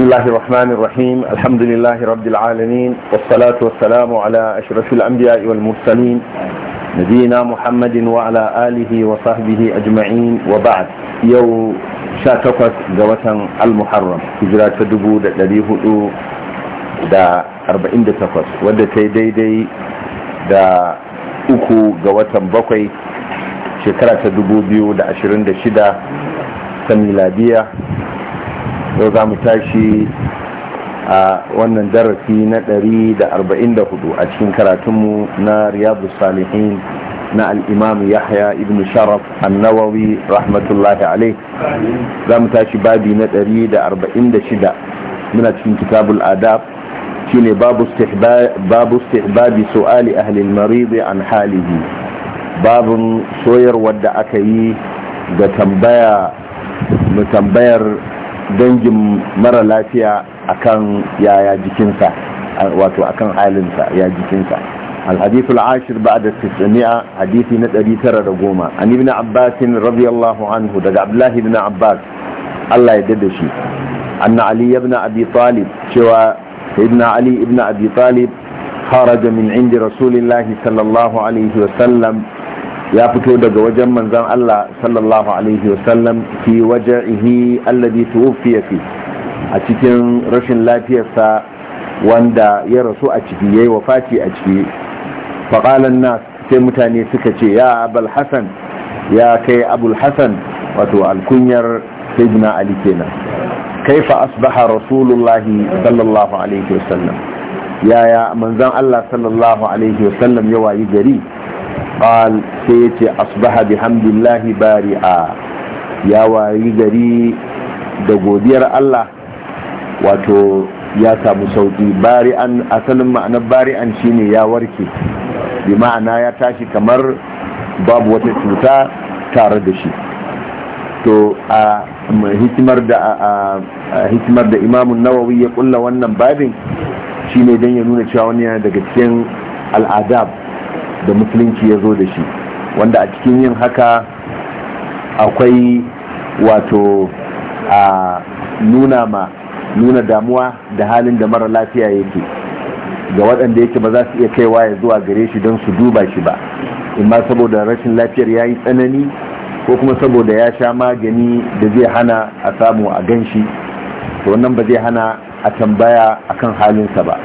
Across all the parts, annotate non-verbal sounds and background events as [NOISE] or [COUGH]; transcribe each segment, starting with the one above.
بسم الله الرحمن الرحيم الحمد لله رب العالمين والصلاة والسلام على أشرف الأنبياء والمرسلين نبينا محمد وعلى آله وصحبه أجمعين وبعد يو شاتفت جوة المحرم هجرة دبو الذي هدو دا أربعين دتفت ودى تيدي دي دا uku ga watan bakwai shekara ta dubu biyu da ashirin da shida ta miladiya yau za mu tashi a wannan darasi na 144 a cikin karatunmu na riyadu salihin na al'imam yahya ibn sharaf annawawi rahmatullahi alaih za mu tashi babi na 146 muna cikin kitabul adab shine babu istihbabi su'ali ahli al-marid an halihi babun soyar wadda aka yi ga tambaya mu tambayar dangin mara lafiya akan yaya jikinsa wato akan halinsa ya jikinsa الحديث العاشر بعد التسعمائة حديث نتري ترى رقوما عن ابن عباس رضي الله عنه دق عبد الله بن عباس الله يددشي أن علي بن أبي طالب شوى سيدنا علي بن أبي طالب خرج من عند رسول الله صلى الله عليه وسلم ya fito daga wajen manzan Allah sallallahu alaihi wasallam fi waje'ihi alladhi tuwfiya fi a cikin rashin lafiyarsa wanda ya rasu a ciki yayi wafati a ciki faqalan nas sai mutane suka ce ya abul hasan ya kai abul hasan wato alkunyar sayyidina ali kenan kaifa asbaha rasulullahi sallallahu alaihi wasallam yaya manzan Allah sallallahu alaihi wasallam ya wayi gari qal sai yace asbaha bihamdillahi bari'a ya wayi gari da godiyar Allah wato ya samu sauki bari'an asalin ma'anar bari'an shine ya warke bi ma'ana ya tashi kamar babu wata cuta tare da shi to a hikimar da a hikimar da ya ƙulla wannan babin shine don ya nuna cewa wani yana daga cikin al'adab da musulunci ya zo da shi wanda a cikin yin haka akwai wato a nuna ma nuna damuwa da halin da mara lafiya yake ga waɗanda yake ba za su iya kaiwa ya zuwa gare shi don su duba shi ba imma saboda rashin lafiyar ya yi tsanani ko kuma saboda ya sha magani da zai hana a samu a gan shi to wannan ba zai hana a tambaya akan halinsa ba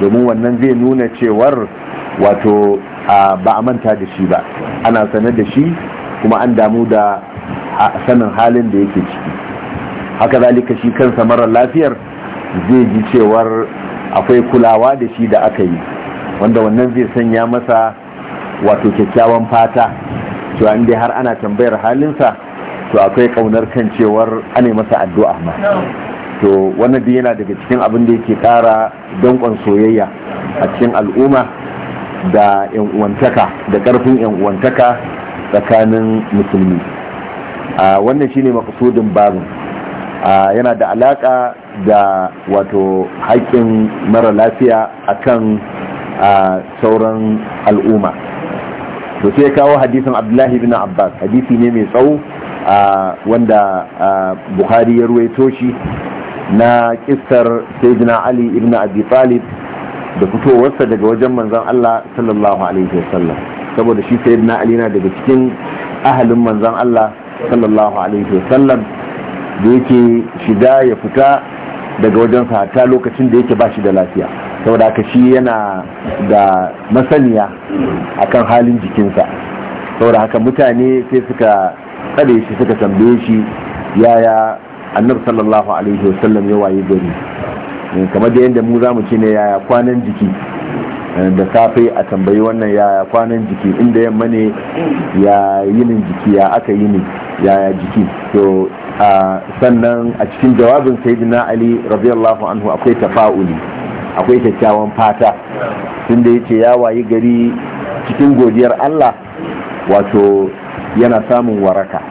domin wannan zai nuna cewar wato ba a manta da shi ba ana sane da shi kuma an damu da sanin halin da yake ciki haka zalika shi kansa marar lafiyar zai ji cewar akwai kulawa da shi da aka yi wanda wannan zai sanya masa wato kyakkyawan fata cewa inda har ana tambayar halinsa to akwai kaunar kan cewar ana masa addu'a ma to wannan yana daga cikin abin da yake kara danƙon soyayya a cikin al'umma da yan uwantaka da ƙarfin yan uwantaka tsakanin musulmi a wannan shine babu babin yana da alaƙa da wato haƙƙin mara lafiya a akan sauran al'umma to sai kawo hadisin abdullahi bin abbas hadisi ne mai tsawo wanda buhari ya ruwaito shi na kissar sayyidina ali ibn abi talib da fitowarsa daga wajen manzan Allah sallallahu alaihi wasallam saboda shi sayyidina Ali na daga cikin ahalin manzan Allah sallallahu alaihi wasallam da yake shiga ya fita daga wajen sa ta lokacin da yake ba shi da lafiya saboda haka shi yana da masaniya a kan halin jikinsa saboda haka mutane sai suka tsare shi suka tambaye shi yaya annabi sallallahu alaihi wasallam ya waye gari kamar da yadda mu za mu ce ne yaya kwanan jiki eh, da safe a tambayi wannan yaya kwanan jiki inda yamma ne ya yinin jiki ya aka yi ne yaya jiki to sannan a cikin jawabin sayyidina ali radiyallahu anhu akwai tafa'uli akwai kyakkyawan fata tunda yace ya wayi gari cikin godiyar Allah wato yana samun waraka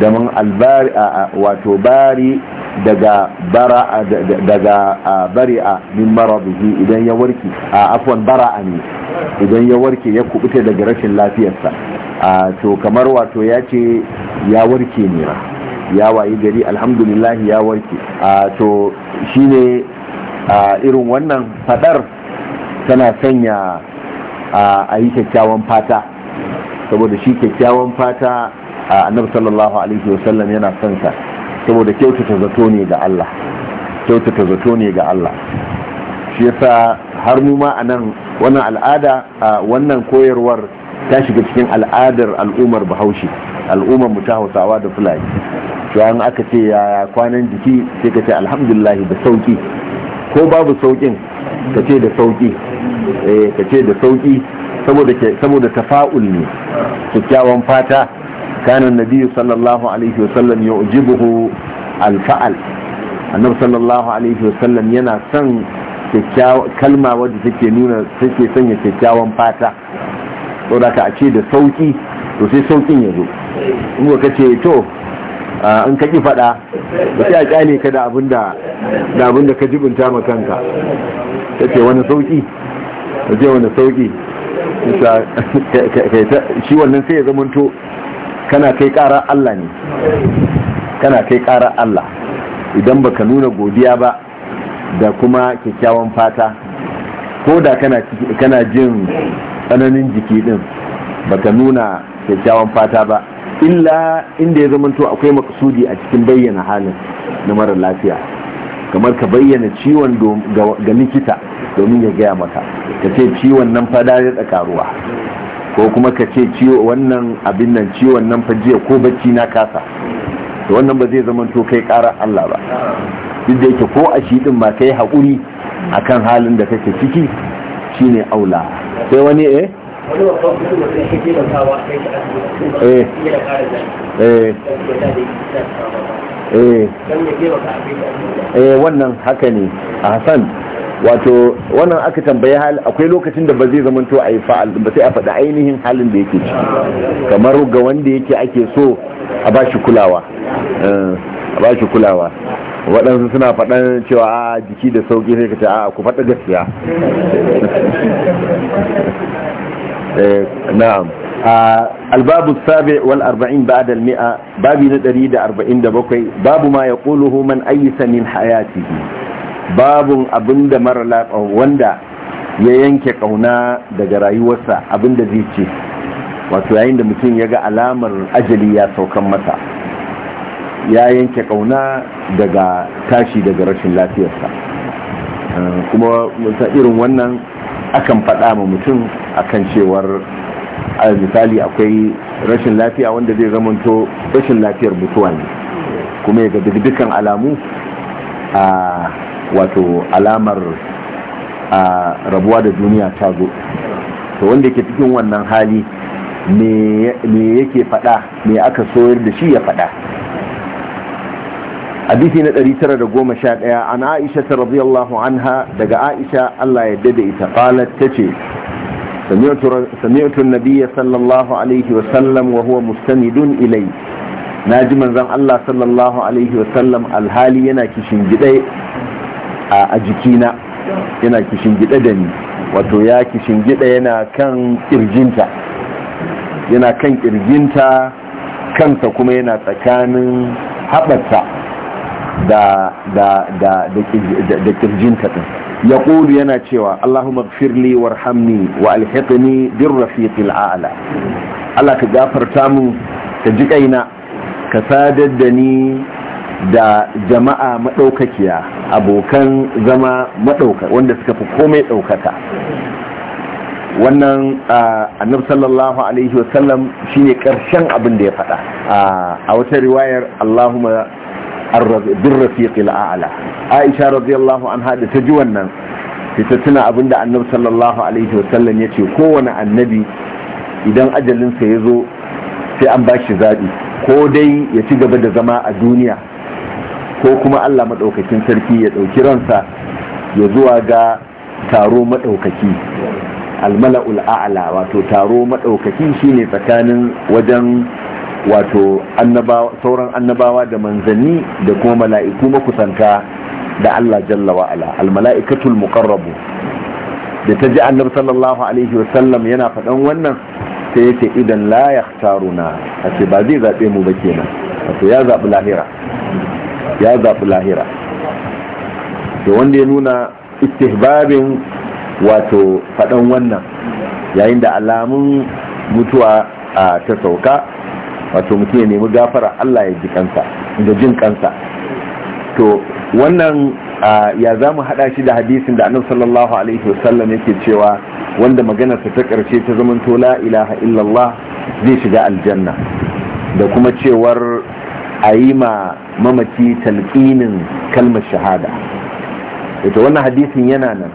da mun albari wato bari daga bara daga bari'a min maradihi idan ya warke a afwan bara'a ne idan ya warke ya kubuta daga rashin lafiyarsa sa to kamar wato ya ce ya warke ne ya wayi gari alhamdulillah ya warke To to shine irin wannan fadar tana sanya a yi kyakkyawan fata saboda shi kyakkyawan fata annabi sallallahu alaihi wasallam yana son sa saboda kyautata zato ne ga Allah kyautata zato ne ga Allah shi yasa har mu ma anan wannan al'ada a wannan koyarwar ta shiga cikin al'adar al'ummar bahaushe al'ummar mu ta hausawa da fulani to an aka ce ya kwanan jiki sai ka ce alhamdulillah da sauki ko babu saukin ka ce da sauki eh ka ce da sauki saboda saboda tafa'ul ne kyakkyawan fata كان النبي صلى الله عليه وسلم يعجبه الفعل النبي صلى الله عليه وسلم ينا سن كلمة وجه take نونة take سن kyakkyawan fata saboda ka ce da sauki to sai saukin ya zo in ka fada ba sai a kyale ka da abinda da abinda ka jibinta ma kanka ta ce wani sauki ta ce wani sauki shi wannan sai ya zamanto kana kai ƙarar Allah ne kana kai ƙarar Allah idan baka nuna godiya ba da kuma kyakkyawan fata ko da kana jin tsananin jiki din baka nuna kyakkyawan fata ba illa inda ya zamanto akwai maksudi a cikin bayyana halin na mara lafiya kamar ka bayyana ciwon ga likita domin ya gaya maka ka ce ciwon nan fada ya tsakaruwa ko kuma ka ce ciwo wannan abin nan ciwon nan fa ko bacci na kasa to wannan ba zai zama to kai ƙara Allah ba duk da yake ko a shi din ma kai haƙuri akan halin da kake ciki shine aula sai wani eh wannan haka ne a wato wannan aka tambaye hal akwai lokacin da ba zai zama to a yi fa'al ba sai a faɗi ainihin halin da yake ciki. kamar ga wanda yake ake so a ba shi kulawa eh, a ba shi kulawa waɗansu suna faɗan cewa a jiki da sauƙi sai ka ce a ku faɗa gaskiya [LAUGHS] eh, na'am الباب babi na ɗari da arba'in da bakwai babu ma ya يقوله man أيس min hayati. babun abinda mara laƙa wanda ya yanke ƙauna daga rayuwarsa abinda zai ce wato yayin da mutum ya ga alamar ajali ya saukan masa ya yanke ƙauna daga tashi daga rashin lafiyarsa eh, kuma ta irin wannan akan faɗa ma mutum akan cewar misali akwai rashin lafiya wanda zai zamanto rashin lafiyar mutuwa ne kuma ya ga dukkan alamu a wato alamar a rabuwa da duniya ta zo to wanda ke cikin wannan hali me yake fada me aka soyar da shi ya fada hadisi na 911 an aisha ta radiyallahu anha daga aisha Allah ya dade ita qalat tace sami'tu nabiyya sallallahu alaihi wa sallam wa huwa mustanidun Na naji manzon Allah sallallahu alaihi wa sallam alhali yana kishin gidai a jikina yana kishin gida da ni wato ya kishin gida yana kan kirjinta yana kan kirjinta kansa kuma yana tsakanin haɓarta da da da da kirjinta din ya ƙulu yana cewa allahumma firli warhamni wa alhiqni bin rafiqil a'la Allah ka gafarta mun ka ji ka sadar da ni da jama'a maɗaukakiya abokan zama maɗauka wanda suka fi komai ɗaukaka wannan annab sallallahu alaihi wasallam shi ne ƙarshen abin da ya faɗa a wata riwayar allahumma bin rafiqil a'ala aisha radiyallahu an da ta ji wannan ta tuna abin da annab sallallahu alaihi wasallam ya ce kowane annabi idan ajalinsa ya zo sai an ba shi zaɓi ko dai ya ci gaba da zama a duniya ko kuma Allah maɗaukakin sarki ya ɗauki ransa ya zuwa ga taro maɗaukaki almala'ul a'la wato taro maɗaukaki shine tsakanin wajen wato sauran annabawa da manzanni da kuma mala'iku makusanta da Allah jalla wa'ala almala'ikatul muqarrabu da ta ji annabi sallallahu alaihi wa sallam yana faɗan wannan sai yace idan la yakhtaruna ba zai zaɓe mu ba kenan wato ya zaɓi lahira ya zaɓi lahira da wanda ya nuna istihbabin wato faɗan wannan yayin da alamun mutuwa a ta sauka wato mutum ya nemi gafara Allah ya ji kansa da jin kansa to wannan ya za mu haɗa shi da hadisin da annabi sallallahu alaihi wasallam yake cewa wanda maganarsa ta ƙarshe ta zamanto la ilaha illallah zai shiga aljanna da kuma cewar a yi ma mamaci talqinin kalmar shahada ita wannan hadisin yana nan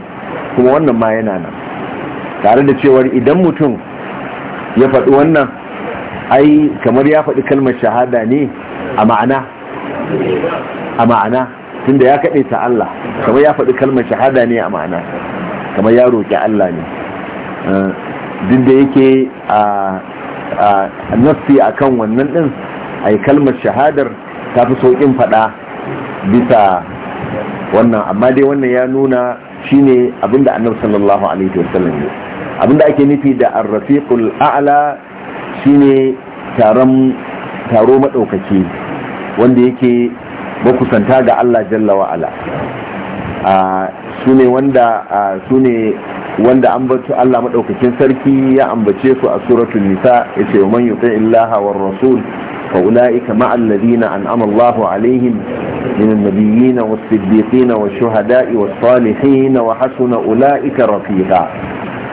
kuma wannan ma yana nan tare da cewar idan mutum ya faɗi wannan ai kamar ya faɗi kalmar shahada ne a ma'ana a ma'ana tunda ya kaɗe ta Allah kamar ya faɗi kalmar shahada ne a ma'ana kamar ya roƙi Allah ne eh, duk da yake ah, ah, a nassi akan wannan din. ai kalmar shahadar ta fi sauƙin faɗa bisa wannan amma dai wannan ya nuna shine abinda annabi sallallahu alaihi wasallam ne abinda ake nufi da ar-rafiqul a'la shine taron taro madaukaki wanda yake makusanta ga Allah jalla wa ala sune wanda sune wanda ambaci Allah madaukakin sarki ya ambace su a suratul nisa yace man yuti illaha war rasul فأولئك مع الذين أنعم الله عليهم من النبيين والصديقين والشهداء والصالحين وحسن أولئك رفيقا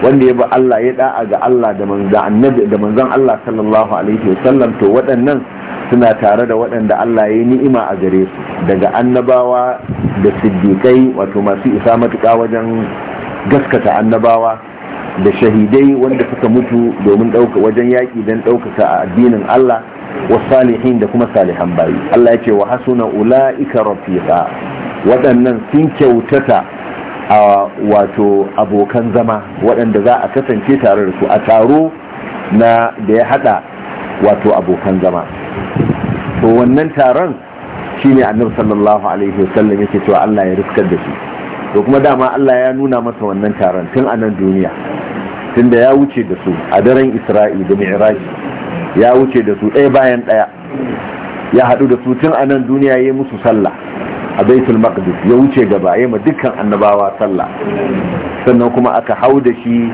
wanda ya ba Allah ya da'a ga Allah da manzan Allah sallallahu alaihi wasallam to waɗannan suna tare da waɗanda Allah ya yi ni'ima a gare su daga annabawa da siddiƙai wato masu isa matuƙa wajen gaskata annabawa da shahidai wanda suka mutu domin wajen yaƙi don ɗaukaka a addinin Allah Wasu wasalihin da kuma salihan bayi Allah ya ce wa Hassuna ula'ika rafiqa waɗannan sun kyautata a wato abokan zama waɗanda za a kasance tare da su a taro na da ya haɗa wato abokan zama to wannan taron shine annabi sallallahu alaihi wasallam yake cewa Allah ya riskar da shi to kuma dama Allah ya nuna masa wannan taron tun a nan duniya tunda ya wuce da su a daren Isra'i da Mi'raj ya wuce da su ɗaya bayan ɗaya ya haɗu da su tun a nan duniya ya yi musu sallah a baitul maqdis ya wuce gaba ya ma dukkan annabawa sallah sannan kuma aka hau da shi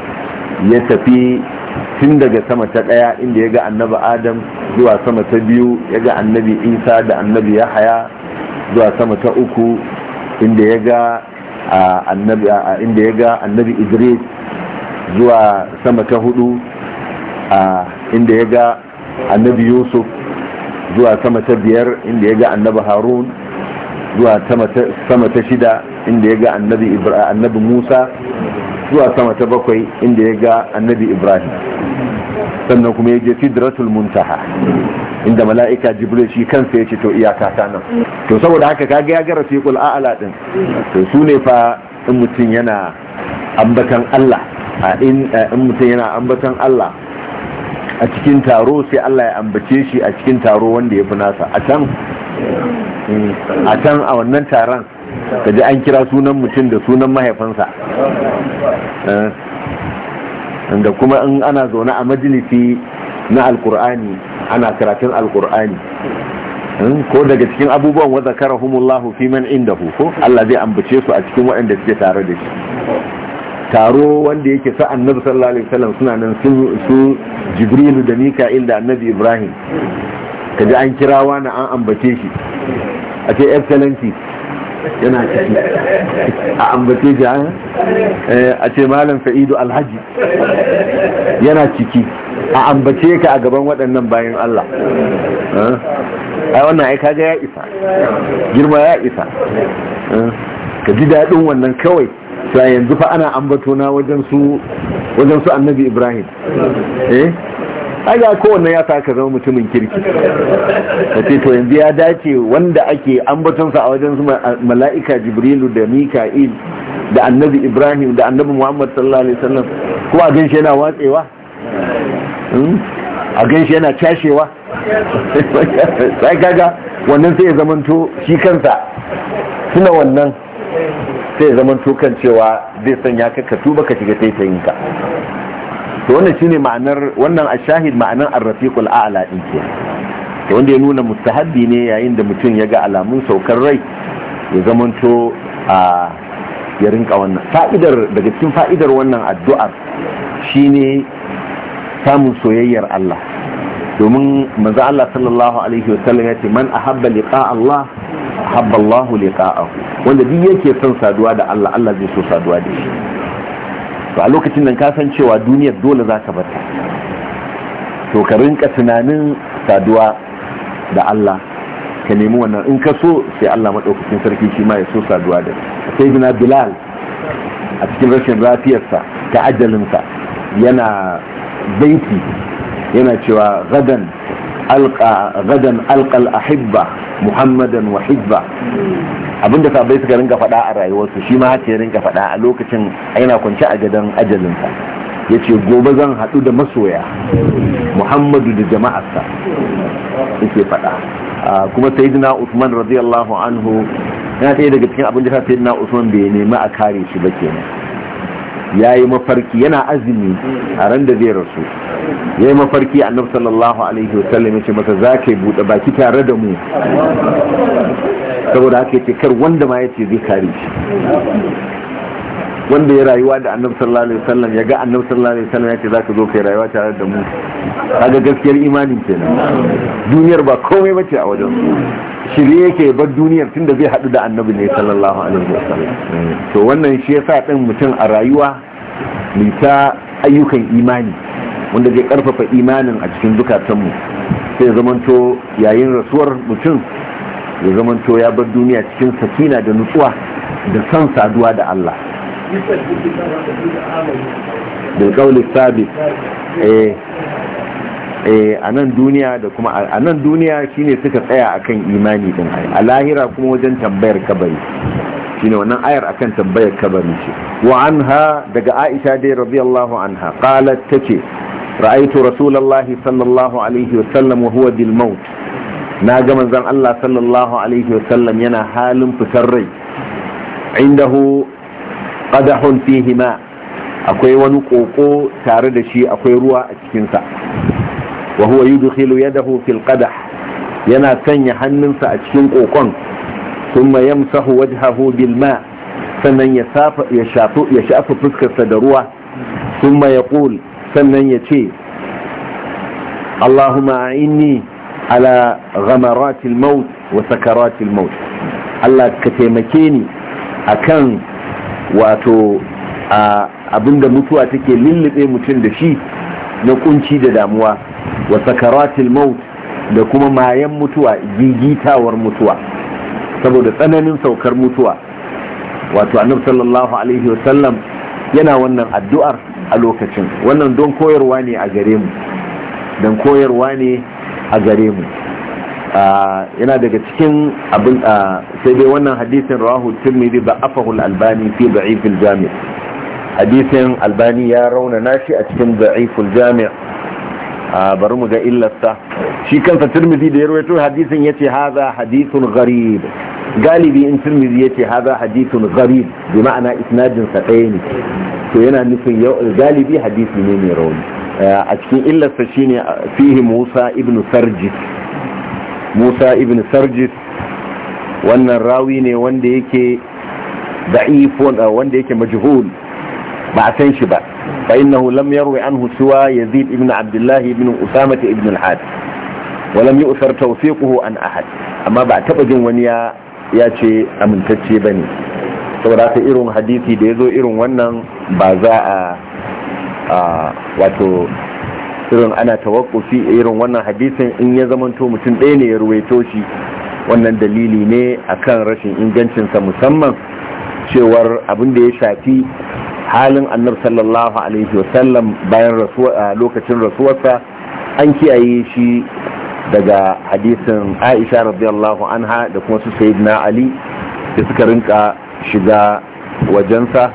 ya tafi tun daga sama ta ɗaya inda ya ga annabi adam zuwa sama ta biyu ya ga annabi isa da annabi yahaya zuwa sama ta uku inda ya ga inda ya ga annabi idris zuwa sama ta hudu inda ya ga annabi yusuf zuwa sama ta biyar inda ya ga annabi harun zuwa sama ta shida inda ya ga annabi musa zuwa sama ta bakwai inda ya ga annabi ibrahim sannan kuma ya je sidratul muntaha inda mala'ika jibril shi kansa ya ce to iyaka ta nan to saboda haka kaga ya sai kul a'ala din to su ne fa in mutum yana ambatan Allah eh, in mutum yana ambatan Allah a cikin taro sai Allah ya ambace shi a cikin taro wanda ya fi nasa a can a can a wannan taron ka ji an kira sunan mutum da sunan mahaifansa eh, da kuma in ana zaune a majalisi na alkur'ani ana karatun alkur'ani eh, ko daga cikin abubuwan wa zakarahumullahu fi man indahu ko Allah zai ambace su a cikin waɗanda suke tare da shi taro wanda yake sa annabi sallallahu alaihi wasallam suna nan sun su jibrilu da mika'il da annabi ibrahim kaji an kira wani an ambace shi a ce excellency yana ciki a ambace shi eh, a ce malam fa'idu alhaji yana ciki a ambace ka a gaban waɗannan bayan allah ai wannan ai kaga ya isa girma ya isa ka ji daɗin wannan kawai sa yanzu fa ana ambato na wajen su wajen su annabi ibrahim eh ai ga kowanne ya saka zama mutumin kirki ce to yanzu ya dace wanda ake ambatonsa a wajen su mala'ika jibrilu da mika'il da annabi ibrahim da annabi muhammad sallallahu alaihi wasallam kuma a ganshi yana watsewa hmm? a ganshi yana cashewa sai [LAUGHS] kaga wannan sai ya zamanto shi kansa suna wannan sai zaman tukan cewa zai sanya ka ka tuba ka shiga taitayin ka to wannan shine ma'anar wannan ashahid ma'anar ar-rafiqul a'la din ke to wanda ya nuna mustahabbi ne yayin da mutum ya ga alamun saukar rai ya zamanto a ya rinka wannan fa'idar daga cikin fa'idar wannan addu'ar shine samun soyayyar Allah domin manzo Allah sallallahu alaihi wasallam ya ce man ahabba liqa Allah habballahu liqa'ahu wanda duk yake son saduwa da Allah Allah zai so saduwa da shi to a lokacin nan ka san cewa duniyar dole za ka bata to ka rinka tunanin saduwa da Allah ka nemi wannan in ka so sai Allah madaukakin sarki shi ma ya so saduwa da sai bina Bilal a cikin rashin sa ta ajalinsa yana baiti yana cewa gadan alqa gadan alqal ahibba muhammadan wa hibba abinda bai suka rinka faɗa a rayuwarsu shi ma haka rinka faɗa a lokacin yana kwance a gadan ajalinsa ya ce gobe zan haɗu da masoya muhammadu da jama'arsa yake faɗa kuma sayyidina usman radiyallahu anhu yana ɗaya daga cikin abinda ka da sayyidina usman bai nema a kare shi ba kenan ya yi mafarki yana azumi a ran da zai rasu ya yi mafarki annabi sallallahu alaihi wasallam ya ce masa za ka yi buɗe baki tare da mu saboda haka ya ce kar wanda ma ya ce zai kare shi wanda ya rayuwa da annabi sallallahu alaihi wasallam ya ga annabi sallallahu alaihi wasallam ya ce zaka zo kai rayuwa tare da mu kaga gaskiyar imanin kenan duniyar ba komai bace a wajen shirye yake bar duniyar tunda zai hadu da annabi ne sallallahu alaihi wasallam to wannan shi yasa din mutum a rayuwa ta ayyukan imani wanda zai karfafa imanin a cikin mu sai zamanto yayin rasuwar mutum ya zamanto ya bar duniya cikin sakina da nutsuwa da son saduwa da Allah bilkauli sabit eh. eh, a nan duniya da kuma a nan duniya shine suka tsaya akan imani din a lahira kuma wajen tambayar kabari shine wannan ayar akan tambayar kabari ce wa anha daga aisha dai radiyallahu anha qalat tace ra'aytu rasulullahi sallallahu alaihi wasallam wa huwa bil maut na ga manzon Allah sallallahu alaihi wasallam yana halin fitar rai indahu qadahun fihi ma akwai wani koko tare da shi akwai ruwa a cikinsa sa wa huwa yudkhilu yadahu fil qadah yana sanya hannunsa a cikin kokon thumma yamsahu wajhahu bil ma sannan ya safa ya shafu ya shafa fuskarsa da ruwa thumma yaqul sannan ya ce Allahumma a'inni ala ghamaratil maut wa sakaratil maut Allah ka taimake ni akan wato abinda mutuwa take lullube mutum da shi na kunci da damuwa wa sakaratil maut da kuma mayan mutuwa gigitawar mutuwa saboda tsananin saukar mutuwa wato annabi sallallahu alaihi wasallam yana wannan addu'ar a lokacin wannan don koyarwa ne a gare mu don koyarwa ne a gare mu yana daga cikin abin sai dai wannan hadisin rawahu tirmidhi ba afahul albani fi da'ifil jami' hadisin albani ya rauna nashi a cikin da'iful jami' bari mu ga illasta shi kansa tirmidhi da ya rawaito hadisin yace hadha hadithun gharib galibi in tirmidhi yace hadha hadithun gharib bi ma'ana isnadin sa ɗaya ne to yana nufin galibi hadisi ne mai rauni eh, a cikin illarsa shine fihi Musa ibn sarji. musa ibn sarjis wannan rawi ne wanda yake da'ifun wanda yake majhul ba a san shi ba fa innahu lam yarwi anhu suwa yazid ibn abdullah ibn usama ibn al-had wa lam yu'thar tawfiquhu an ahad amma ba taba jin wani ya ya ce amintacce bane saboda ta irin hadisi da yazo irin wannan ba za a wato irin ana tawakkufi irin wannan hadisin in ya zamanto mutum ɗaya ne ya ruwaito shi wannan dalili ne akan rashin ingancinsa musamman cewar abin da ya shafi halin annabi sallallahu alaihi wasallam bayan lokacin rasuwarsa an kiyaye shi daga hadisin aisha radiyallahu anha da kuma su sayyidina ali da suka rinka shiga wajensa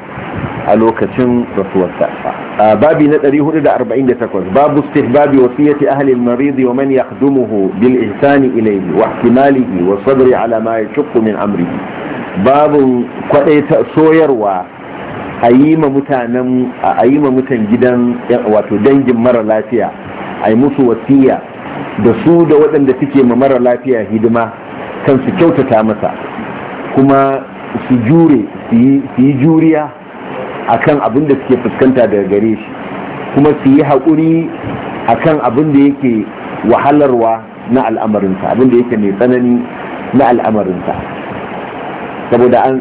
a lokacin rasuwarsa babi na 448 babu istihbabi wasiyati ahli al-marid wa man yakhdumuhu bil ihsani ilayhi wa ihtimalihi wa sabri ala ma yashuqqu min amrihi babu kwadaita soyarwa a yi ma mutanen a yi ma mutan gidan wato dangin mara lafiya a musu wasiya da su da waɗanda suke ma mara lafiya hidima kan su kyautata masa kuma su jure su yi juriya akan abin da suke fuskanta daga gare shi kuma su yi haƙuri akan abin da yake wahalarwa na al'amarinsa abin da yake mai tsanani na al'amarinsa saboda an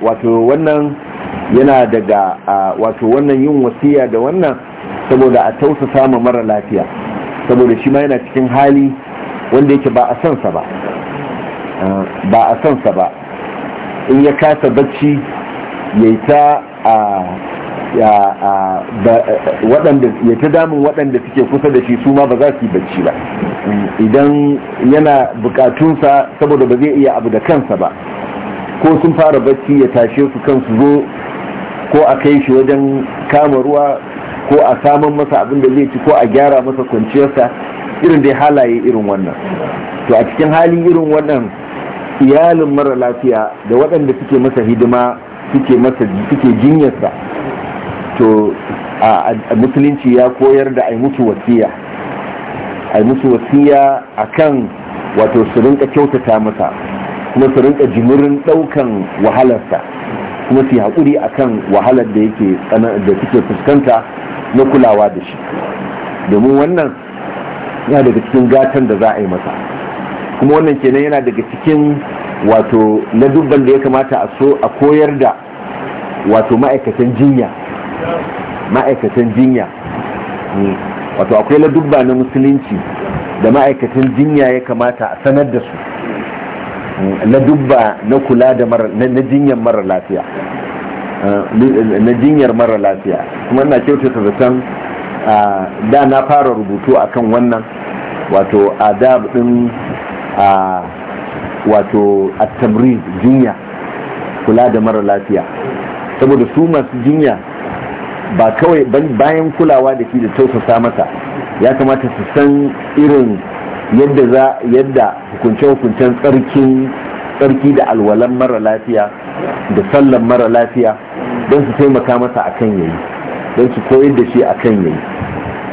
wato wannan yana daga wato wannan yin wasiya da wannan saboda a tausa ma mara lafiya saboda shi ma yana cikin hali wanda yake ba a son sa ba ba a son sa ba in ya kasa bacci ya yi ta ya ta damun waɗanda suke kusa da shi su ma ba za su yi bacci ba idan yana bukatunsa saboda ba zai iya abu da kansa ba ko sun fara bacci ya tashe su kansu zo ko a kai shi wajen kama ruwa ko a saman masa abin da zai ci ko a gyara masa kwanciyarsa irin dai halaye irin wannan to a cikin hali irin wannan iyalin mara lafiya da waɗanda suke masa hidima suke masa suke jinyarsa to a musulunci ya koyar da ai musu wasiya ai musu wasiya akan wato su rinka kyautata masa kuma su rinka jimirin daukan wahalarsa kuma su haƙuri akan wahalar da yake da suke fuskanta na kulawa da shi domin wannan yana daga cikin gatan da za a yi masa kuma wannan kenan yana daga cikin wato na dubban da ya kamata a so a koyar da wato ma'aikatan jinya ma'aikatan jinya hmm. wato akwai na dubba na musulunci da ma'aikatan jinya ya kamata a sanar da su na hmm. dubba na kula da na jinyar mara lafiya hmm. na jinyar mara lafiya kuma ina kyautata zaton da na fara rubutu akan wannan wato adab din a wato at jinya kula da mara lafiya saboda su masu jinya ba kawai bayan kulawa da shi da tausasa masa ya kamata su san irin yadda za yadda hukunce-hukuncen tsarkin tsarki da alwalan mara lafiya da sallan mara lafiya don su taimaka masa akan yayi don su koyar da shi akan yayi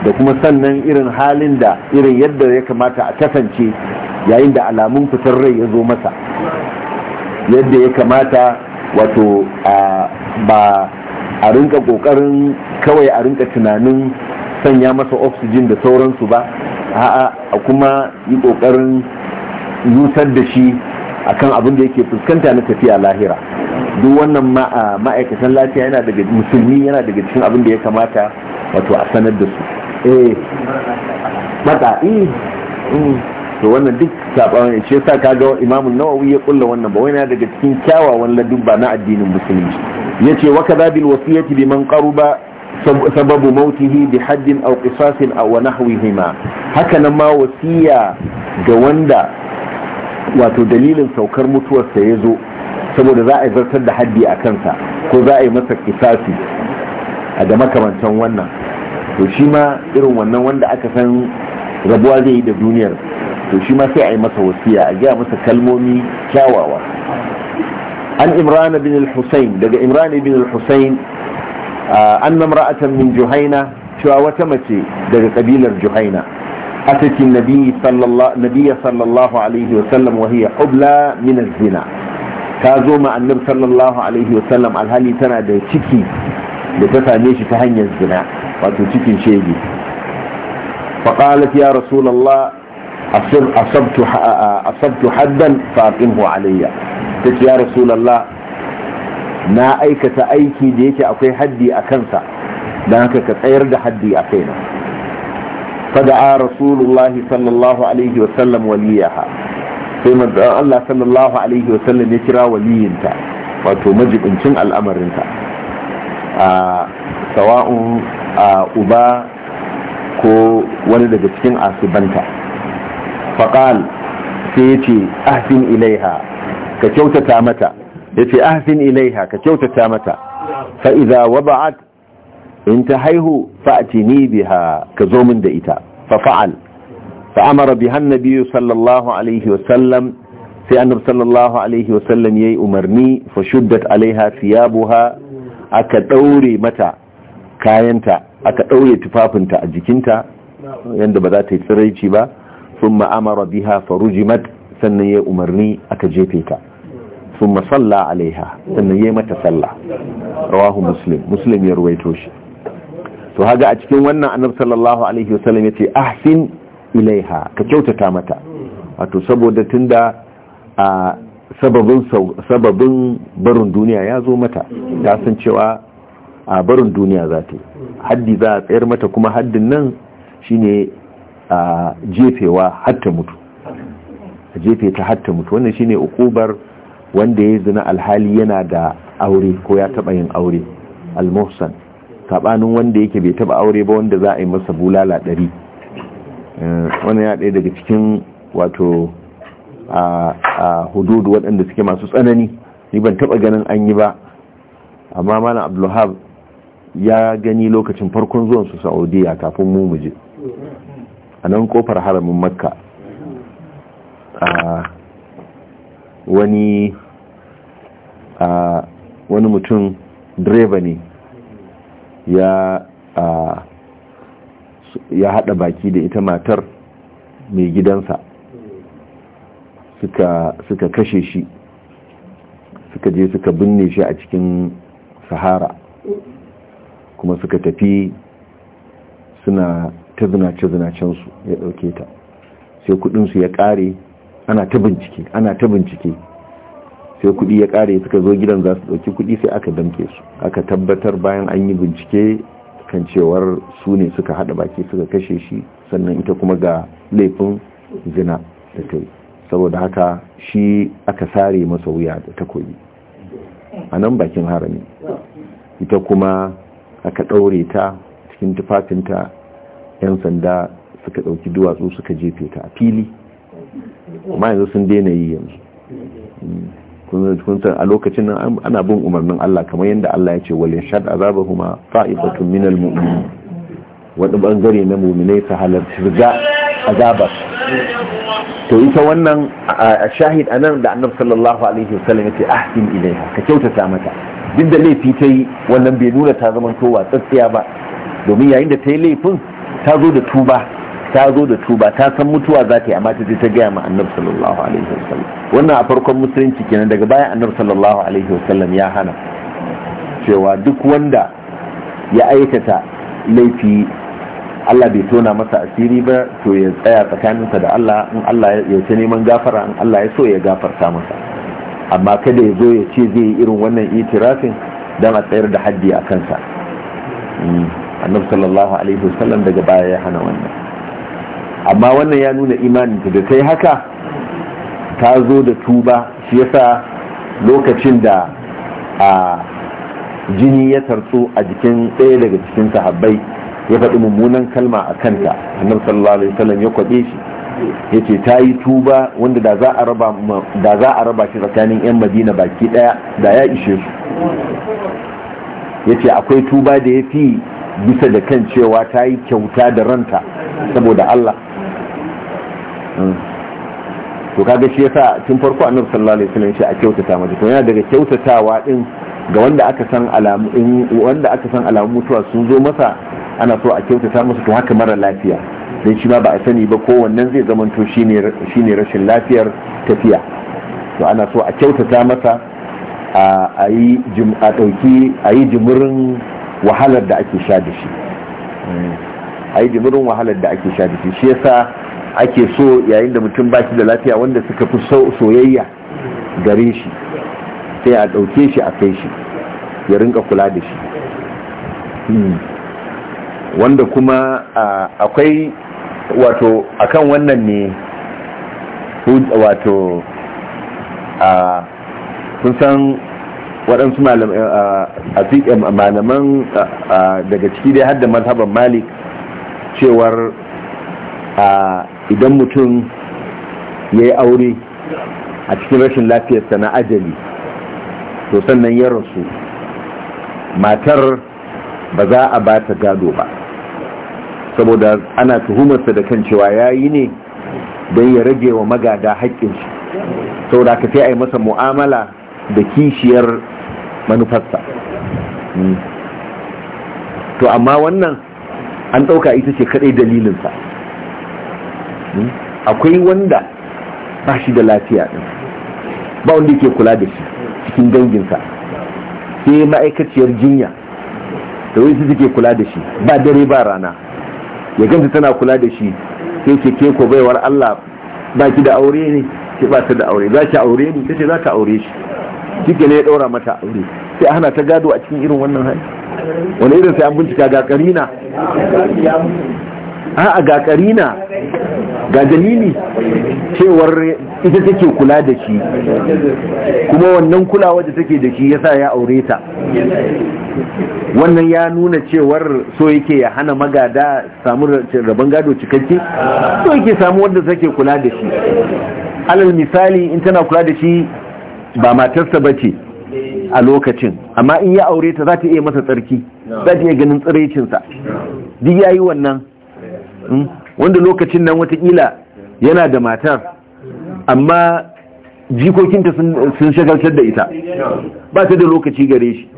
da kuma sannan irin halin da irin yadda ya kamata a kasance yayin da alamun fitar rai ya zo masa yadda ya kamata wato ba a rinka kokarin kawai a rinka tunanin sanya masa oxygen da sauransu ba a kuma yi kokarin nusar da shi akan abin da yake fuskanta na tafiya lahira duk wannan ma'aikatan lafiya yana daga musulmi yana daga cikin abin da ya kamata wato a sanar da su eh mata eh. Hmm. to wannan duk sabawa ce sa ka kaga imamun Nawawi ya kulla wannan ba wani daga cikin kyawawan ladubba na addinin musulunci Ya yace wa kadha bil wasiyati biman qaruba sababu mautihi bi haddin aw qisasin aw nahwihima haka nan ma wasiya ga wanda wato dalilin saukar mutuwarsa ya zo saboda za a zartar da haddi a kansa ko za a yi masa kisasi a da makamantan wannan to shi ma irin wannan wanda aka san rabuwa zai yi da duniyar to shi ma sai a yi masa wasiya a gaya masa kalmomi kyawawa an imrana bin al-husayn daga imran bin al-husayn an namra'atan min juhaina cewa wata mace daga kabilar juhaina atakin nabiya sallallahu alaihi wa sallam wa hiya hubla min zina ka zo ma annab sallallahu alaihi wa sallam alhali tana da ciki da ta same shi ta hanyar zina wato cikin shege faƙalat ya rasulallah asabtu haddan faƙinhu alayya ta ce ya rasulallah na aikata aiki da yake akwai haddi a kansa don haka ka tsayar da haddi a kaina a rasulullahi sallallahu alaihi wasallam waliyaha sai manzon Allah sallallahu alaihi wasallam ya kira waliyinta wato majibincin al'amarinta sawa'un a uba ko wani daga cikin asibanta Faqal, sai ya ce ahfin ilaiha ka kyautata mata ya ce ahfin ilaiha ka kyautata mata fa'iza wa waba'at in ta haihu fa'ati biha ka zo min da ita fa'al fa'amara hannu biyu sallallahu alaihi wasallam sai annab sallallahu alaihi wasallam ya yi umarni fa shuddat alaiha siyabuha aka ɗaure mata kayanta aka ɗauye tufafinta a jikinta yadda ba za ta yi tsiraici ba sun ma'amara biha farujimat sannan ya umarni aka jefe ta sun masalla alaiha sannan ya mata salla rawahu muslim muslim ya ruwaito shi to haga a cikin wannan annab sallallahu alaihi wasallam ya ce ahsin ilaiha ka kyautata mata wato saboda tunda a sababin barin duniya ya zo mata ta san cewa a barin duniya za ta yi haddi za a tsayar mata kuma haddin nan shine a jefewa hatta mutu a jefe ta hatta mutu wannan shine ukubar wanda ya zina alhali yana da aure ko ya taba yin aure al-muhsan sabanin wanda yake bai taba aure ba wanda za a yi masa bulala ɗari eh, wannan ya ɗaya daga cikin wato a hududu waɗanda suke masu tsanani ni ban taba ganin an yi ba amma malam abdulhab ya gani lokacin farkon zuwan su saudiya kafin mu muje a nan kofar haramin makka a wani wani mutum direba ne ya a ya hada baki da ita matar mai gidansa suka kashe shi suka je suka binne shi a cikin sahara kuma suka tafi suna ta zinace-zinacensu ya ɗauke ta sai kudinsu ya ƙare ana ta bincike ana ta bincike sai kudi ya kare suka zo gidan za su ɗauki kudi sai aka damke su aka tabbatar bayan an yi bincike kan cewar su ne suka haɗa baki suka kashe shi sannan ita kuma ga laifin zina da ta yi saboda haka shi aka sare masa wuya da takobi a nan bakin harami ita kuma aka ɗaure ta cikin tufafinta 'yan sanda suka ɗauki duwatsu suka jefe ta a fili ma yanzu sun daina yi yanzu kun a lokacin nan ana bin umarnin Allah kamar yadda Allah ya ce walin shad kuma fa'ifatun minal mu'minin wani bangare na mu'minai sa halar shirga azaba to ita wannan shahid anan da annabi sallallahu alaihi wasallam yace ahsin ilaiha ka kyautata mata duk da laifi ta yi wannan bai nuna ta zama towa tsatsiya ba domin yayin da ta yi laifin ta zo da tuba ta zo da tuba ta san mutuwa za ta yi amma ta je ta gaya ma annabi sallallahu alaihi wasallam wannan a farkon musulunci kenan daga bayan annabi sallallahu alaihi wasallam ya hana cewa duk wanda ya aikata laifi Allah bai tona masa asiri ba to ya tsaya tsakaninsa da Allah in Allah ya ce neman gafara in Allah ya so ya gafarta masa amma kada ya zo ya ce zai yi irin wannan itirafin don a tsayar da haddi a kansa mm. annabi sallallahu alaihi wasallam daga baya ya hana wannan amma wannan ya nuna imanin da kai haka ta zo da tuba shi yasa lokacin da a jini ya tarso a jikin ɗaya daga cikin sahabbai ya faɗi mummunan kalma a kanta annabi sallallahu alaihi wasallam ya kwaɓe shi yace ta yi tuba wanda da za a raba shi tsakanin yan madina baki daya da ya ishe su yace akwai tuba da ya fi bisa da kan cewa ta yi kyauta da ranta saboda Allah hmm. to kaga shi yasa tun farko annabi sallallahu alaihi wasallam shi a kyautata maji to yana daga kyautatawa din ga wanda aka san alamu wanda aka san alamu mutuwa sun zo masa ana so a kyautata masa to haka mara lafiya don shi ma ba a sani ba ko wannan zai shi ne rashin lafiyar tafiya to ana so a kyautata masa a yi jimirin wahalar da ake sha da shi a yi jimirin wahalar da ake sha da shi shi yasa ake so yayin da mutum ba shi da lafiya wanda suka fi soyayya gare shi sai a ɗauke shi a kai shi ya rinka kula da shi hmm. wanda kuma akwai wato akan wannan ne wato a kun san waɗansu malaman daga ciki dai hadda mazhaban malik cewar idan mutum ya yi aure a cikin rashin lafiyarsa na ajali to sannan ya rasu matar ba za a ba ta gado ba saboda ana tuhumarsa da kan cewa ya yi ne don ya rage wa magada haƙƙin shi saboda ka sai a yi masa mu'amala da kishiyar manufarsa hmm. to amma wannan an ɗauka ita ce kaɗai dalilinsa hmm. akwai wanda ba shi da lafiya ɗin ba wanda ke kula da shi cikin danginsa sai ma'aikaciyar jinya da wani su suke kula da shi ba dare ba rana ya ganta tana kula da shi sai ce ke ko baiwar Allah ba ki da aure ne ki ba ta da aure za ki aure ni ta ce za ta aure shi kike ne ya daura mata aure sai ana ta gado a cikin irin wannan hali wani irin sai an bincika ga karina a ga karina ga dalili cewar ita take kula da shi kuma wannan kulawa da take da shi yasa ya aure ta wannan ya nuna cewar so yake ya hana magada samu rabon gado cikakke so yake samu wanda take kula da shi alal misali in tana kula da shi ba matarsa ba ce a lokacin amma in ya aure ta za ta iya masa tsarki za ta iya ganin tsiraicinsa duk ya yi wannan Hmm? wanda lokacin nan watakila yana da matar amma jikokinta sun shagaltar da ita ba ta da lokaci gare shi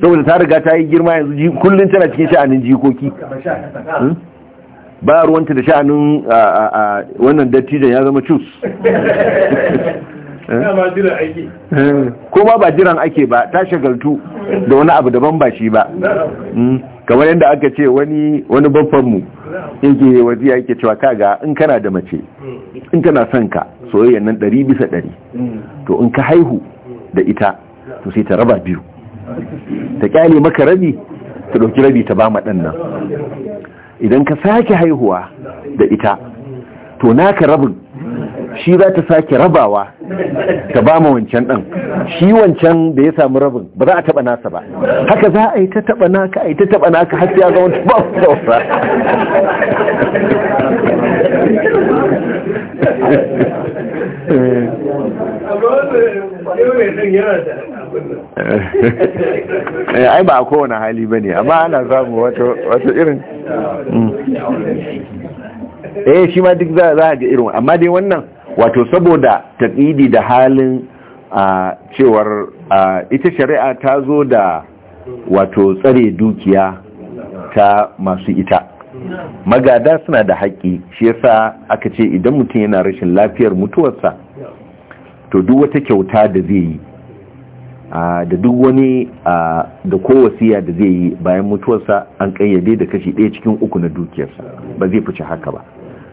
saboda ta riga ta yi girma yanzu kullum tana cikin sha'anin jikoki hmm? ba ruwanta da sha'anin wannan dattijan ya zama cus hmm? ko ma ba jiran ake ba ta shagaltu da wani abu daban ba shi ba kamar yadda aka ce wani wani mu. yake wajiya yake cewa kaga in kana da mace in kana son ka soyayya nan ɗari bisa ɗari to in ka haihu da ita to sai ta raba biyu ta kyale maka rabi ta ɗauki rabi ta ba ma ɗan nan idan ka sake haihuwa da ita to naka rabin shi za ta sake rabawa ta ba ma wancan ɗan shi wancan da ya samu rabin ba za a taɓa nasa ba haka za a yi ta taɓa naka a yi ta taɓa naka har sai ya ga wani ba wasa ai ba a kowane hali ba ne amma ana samu wata irin mm. eh shi ma duk za a ga irin amma dai wannan wato saboda taƙidi da halin a cewar ita shari'a ta zo da wato tsare dukiya ta masu ita magada suna da haƙƙi shi yasa aka ce idan mutum yana rashin lafiyar mutuwarsa to duk wata kyauta da zai yi da duk wani da ko da zai yi bayan mutuwarsa an ƙayyade da kashi ɗaya cikin uku na dukiyarsa ba zai fice haka ba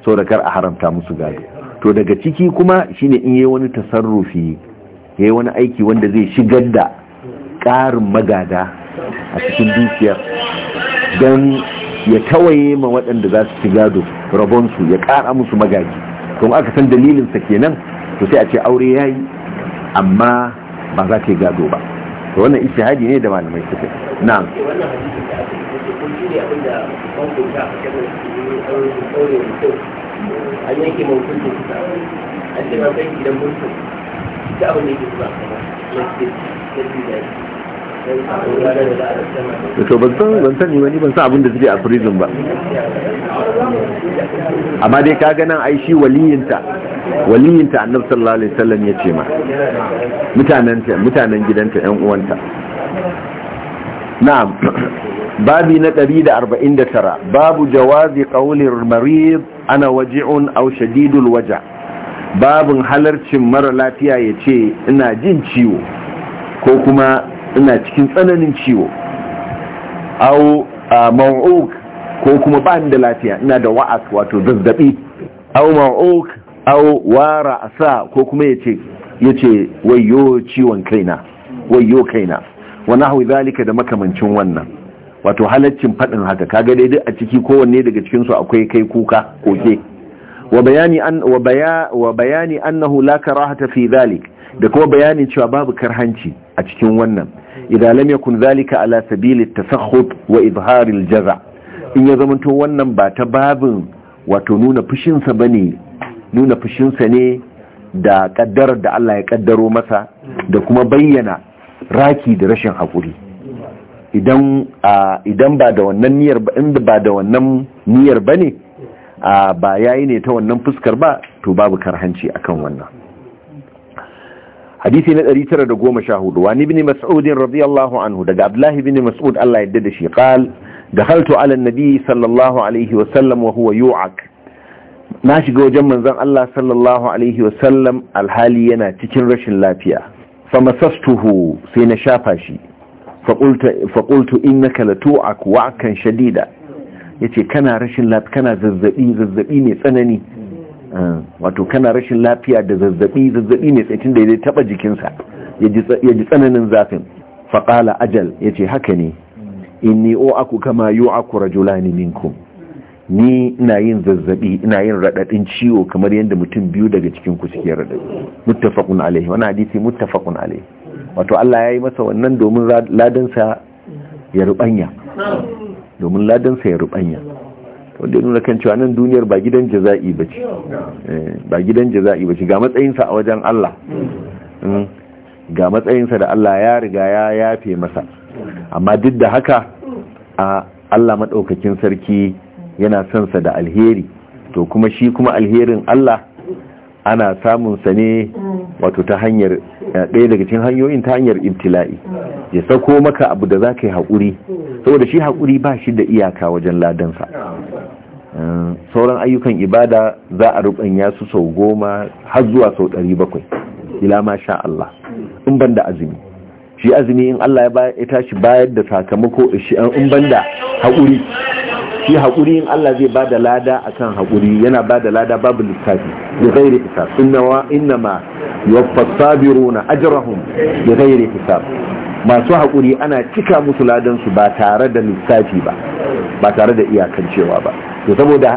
sau da kar a haramta musu gado to daga ciki kuma shine in yayi wani tasarrufi yayi wani aiki wanda zai shigar da ƙarin magada a cikin dukiyar don ya tawaye ma waɗanda za su ci gado rabonsu ya ƙara musu magaji kuma aka san dalilinsa kenan to sai a ce aure ya yi amma ba za ta gado ba to wannan ishihadi ne da malamai suka na wannan an yanke ma hukuncin to ban san sani wani ban san abin da suke a prison ba amma dai ka nan ai shi waliyinta waliyinta annabi sallallahu alaihi wasallam ya ce ma mutanen mutanen gidanta yan uwanta na'am babi na tara, babu jawazi qaulir marid ana waji'un aw shadidul waja Babu halarcin mara lafiya yace ina jin ciwo ko kuma ina cikin tsananin ciwo aw mau'uk ko kuma ba ni da lafiya ina da wa'as wato zazzabi aw mau'uk aw wara asa ko kuma yace yace ciwon kaina kaina Wani hau zalika da makamancin wannan wato halaccin faɗin haka kaga daidai a ciki kowanne daga cikin su akwai kai kuka koke wa bayani an wa baya wa bayani annahu la karahata fi zalik da kuma bayani cewa babu karhanci a cikin wannan idan lam yakun zalika ala sabili at-tasakhut wa izharil jaza in ya zamanto wannan ba ta babin wato nuna fushinsa bane nuna fushinsa ne da kaddarar da Allah ya kaddaro masa da kuma bayyana raki da rashin haƙuri idan ba da wannan niyyar ba inda ba da wannan niyyar ba ne ba yayi ne ta wannan fuskar ba to babu karhanci akan wannan hadisi na 914 wani ibn mas'udin radiyallahu anhu daga abdullahi ibn mas'ud Allah ya da shi qal dakhaltu ala an-nabi sallallahu alaihi wa sallam wa huwa yu'ak na shiga wajen manzon Allah sallallahu alaihi wa sallam alhali yana cikin rashin lafiya famasastuhu sai na shafa shi faƙultu innaka latu'ak wa'kan shadida yace kana rashin lafiya kana zazzabi zazzabi ne tsanani wato kana rashin lafiya da zazzabi zazzabi ne tsanani da ya taɓa jikinsa ya ji tsananin zafin faƙala ajal yace haka ne inni o aku kama yu aku rajulani minkum ni ina yin zazzabi ina yin radadin ciwo kamar yadda mutum biyu daga cikin ku suke radadi muttafaqun alaihi wannan hadisi muttafaqun alaihi wato Allah ya yi masa wannan domin ladansa ya rubanya domin ladansa ya rubanya wanda nuna kan cewa nan duniyar ba gidan jaza'i ba ce eh, ba gidan jaza'i ba ce ga matsayinsa a wajen Allah hmm. ga matsayinsa da Allah ya riga ya yafe masa amma duk da haka a Allah maɗaukakin sarki yana son da alheri to kuma shi kuma alherin Allah ana samun sa ne wato ta hanyar eh, ɗaya daga cikin hanyoyin ta hanyar ibtila'i ya sako maka abu da zaka yi hakuri? saboda shi haƙuri ba shi da iyaka wajen ladansa eh, sauran ayyukan ibada za a rubanya su sau goma har zuwa sau ɗari bakwai ila ma sha Allah in banda azumi shi azumi in Allah ya tashi bayar da sakamako in banda haƙuri shi haƙuri in Allah zai ba da lada kan haƙuri yana ba da lada babu lissafi da gairi hisab inna ma yuwaffas sabiruna ajirahun da gairi hisab masu haƙuri ana cika musu ladansu ba tare da lissafi ba ba tare da iyakancewa ba to saboda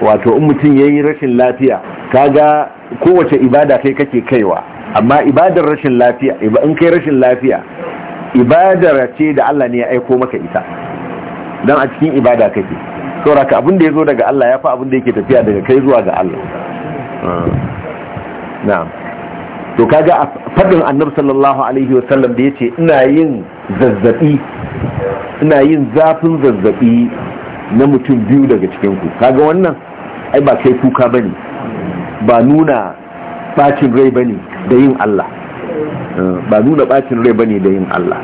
wato in mutum yi rashin lafiya kaga kowace ibada kai kake kaiwa amma ibadar rashin lafiya in kai rashin lafiya ibadar ce da Allah ne ya aiko maka ita don a cikin ibada kake saura abin da ya zo daga Allah ya fi abin da yake tafiya daga kai zuwa ga Allah na'am to kaga a fadin annabi sallallahu alaihi wasallam da yace ina yin zazzabi ina yin zafin zazzabi na mutum biyu daga cikin ku kaga wannan ai ba kai kuka bane ba nuna bacin rai bane da yin Allah ba nuna bacin rai bane da yin Allah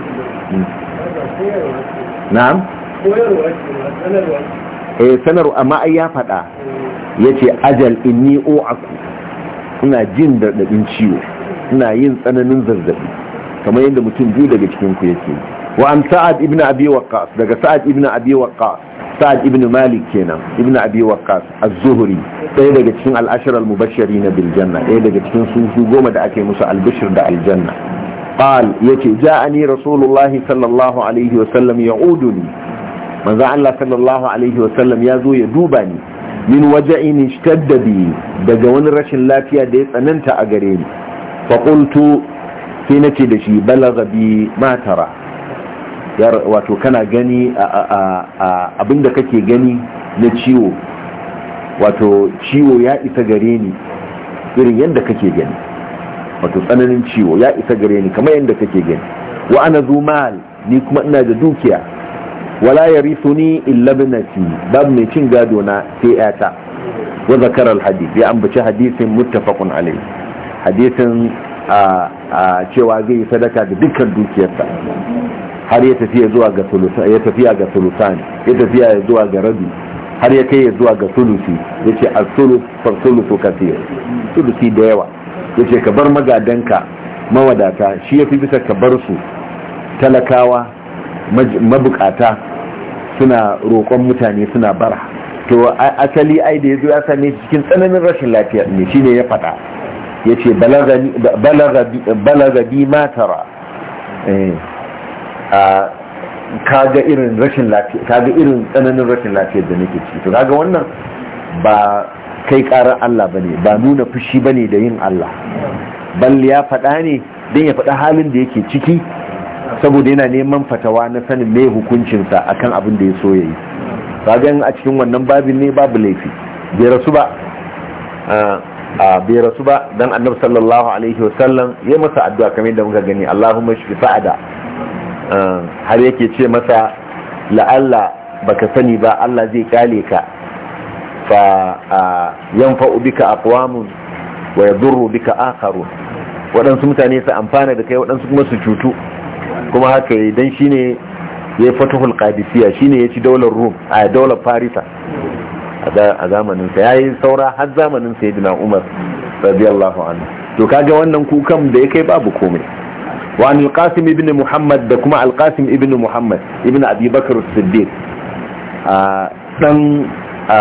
na'am koyarwa ce sanarwa eh sanar amma ai ya faɗa yace ajal inni u'aku ina jin dadadin ciwo ina yin tsananin zazzabi kamar yadda mutum biyu daga cikin ku yake wa an sa'ad ibn abi waqqas daga sa'ad ibn abi waqqas sa'ad ibn malik kenan ibn abi waqqas az-zuhri ɗaya daga cikin al-ashr al-mubashirin bil janna ɗaya daga cikin sufi goma da ake musu albishir da aljanna janna qal yace ja'ani rasulullahi sallallahu alaihi wa sallam ya'uduni manzo Allah sallallahu alaihi sallam ya zo ya duba ni min waja'in ishtadda bi daga wani rashin lafiya da ya tsananta a gare ni fa qultu sai nake da shi balagha bi ma tara wato kana gani abinda kake gani na ciwo wato ciwo ya isa gare ni irin yadda kake gani wato tsananin ciwo ya isa gare ni kamar yadda kake gani wa ana zumal ni kuma ina da dukiya wala ni illa ibnati babu mai cin gado na sai yata wa zakara alhadith ya ambaci hadisin muttafaqun alayhi hadisin a cewa zai sadaka da dukkan dukiyarsa har ya tafiya zuwa ga sulusan ya tafiya ga sulusan ya tafiya zuwa ga rabi har ya kai ya zuwa ga sulusi yace as-sulus fa sulusu kathir sulusi da yawa yace ka bar magadanka mawadata shi yafi bisa ka bar su talakawa mabukata suna roƙon mutane suna bara to asali ai da ya zo ya same cikin tsananin rashin lafiya ne shine ya faɗa ya ce balagabi matara eh. a kaga irin rashin irin tsananin rashin lafiyar da nake ciki to kaga wannan ba kai karar Allah bane ba nuna fushi bane da yin Allah balle ya faɗa ne don ya faɗa halin da yake ciki saboda yana neman fatawa na sanin me hukuncinsa akan abin da ya so yi. kagan a cikin wannan babin ne babu laifi bai rasu ba a bai ba dan annabi sallallahu alaihi wasallam ya masa addu'a kamar da muka gani Allahumma shfi sa'ada har yake ce masa la'alla baka sani ba Allah zai kale ka fa yanfa'u bika aqwamun wa yadurru bika akharun waɗansu mutane su amfana da kai waɗansu kuma su cutu kuma haka yi don shi ne ya yi fatahul kadisiya shi ne ya ci daular rum a daular farisa a zamaninsa ya yi saura har zamanin dina umar radiyallahu anhu to kaga wannan kukan da ya kai babu komai wa an alqasim ibn muhammad da kuma alkasim ibn muhammad ibn abi bakr as-siddiq a dan a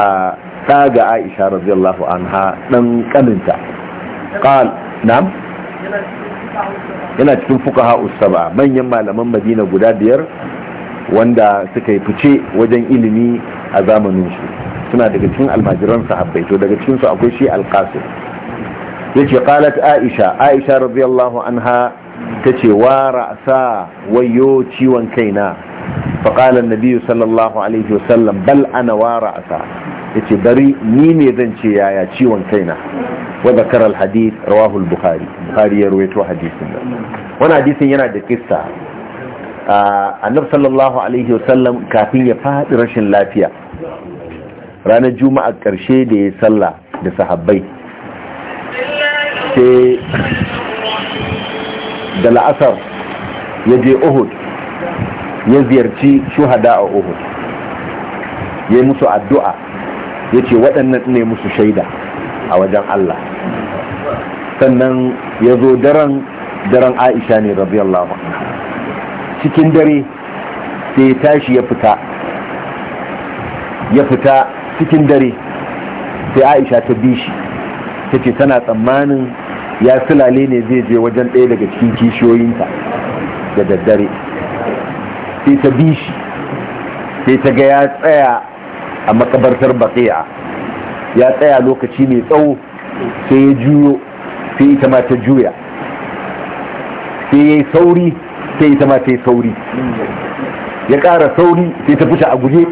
aisha radiyallahu anha ɗan ƙaninta qal na'am yana cikin ha'us usaba manyan malaman madina guda biyar wanda suka yi fice wajen ilimi a zamanin su suna daga cikin almajiran sahabbai to daga cikin su akwai shi alqasim yace qalat aisha aisha radiyallahu anha tace wa ra'sa wayo ciwon kaina fa qala an-nabi sallallahu alaihi wasallam bal ana wa ra'sa yace bari ni ne zan ce yaya ciwon kaina wa zakar al hadith rawahu al ya rawaito hadisin nan wannan hadisin yana da kissa annabi sallallahu alaihi wasallam kafin ya fadi rashin lafiya ranar juma'a karshe da ya sallah da sahabbai sai da la'asar ya je uhud ya ziyarci shuhada a uhud ya yi musu addu'a ya ce waɗannan ne musu shaida a wajen Allah sannan ya zo daren daren aisha ne radiyallahu cikin dare sai tashi ya fita ya fita cikin dare sai aisha ta bi shi ta ce tana tsammanin ya silale ne zai je wajen ɗaya daga cikin kishiyoyinta da daddare sai ta bi shi sai ta ga ya tsaya a makabartar baqi'a ya tsaya lokaci mai tsawo sai ya juyo sai ita ma ta juya sai ya yi sauri sai ita ma ta yi sauri ya ƙara sauri sai ta fita a guje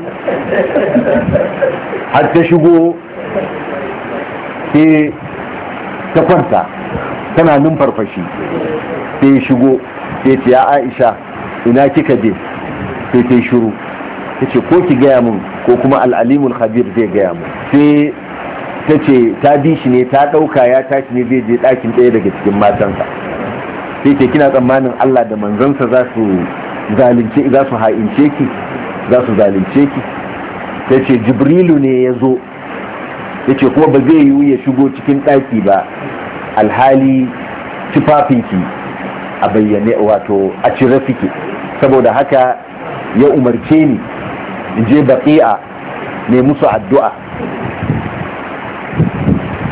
har ta shigo sai ta kwanta tana numfarfashi sai ya shigo sai ta ya aisha ina kika je sai ta yi shiru ta ko ki gaya mun ko kuma al'alimul khabir zai gaya mun sai ta ta bi shi ne ta ɗauka ya tashi ne zai je ɗakin ɗaya daga cikin matansa sai ce kina tsammanin allah da manzansa za su zalunce za su ha'ince ki za su zalunce ki ta jibrilu ne ya zo ya ce kuma ba zai yiwu ya shigo cikin ɗaki ba alhali ki a bayyane wato a cire saboda haka ya umarce ni in je baqi'a ne musu addu'a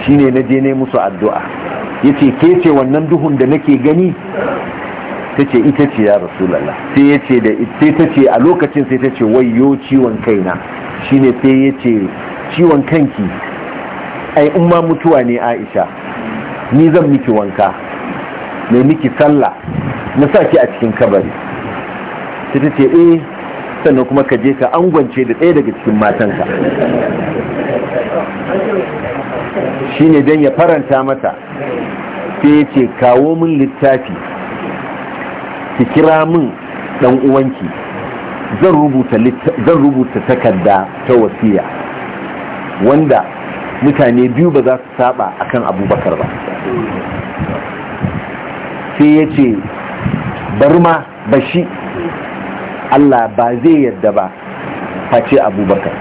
shine na je ne musu addu'a yace ke ce wannan duhun da nake gani tace ita ce ya rasulullah sai yace da sai tace a lokacin sai tace wayyo ciwon kaina shine sai yace ciwon kanki ai in ma mutuwa ne Aisha ni zan miki wanka mai miki sallah na sa ki a cikin kabari sai ta ce eh sannan kuma ka je ka angwance da ɗaya daga cikin matanka shi ne don ya faranta mata sai ya ce kawo min littafi ki kira min ɗan uwanki zan rubuta takarda ta wasiya wanda mutane biyu ba za su saba akan abubakar ba sai ya ce bari ma bashi Allah ba zai yarda ba face abubakar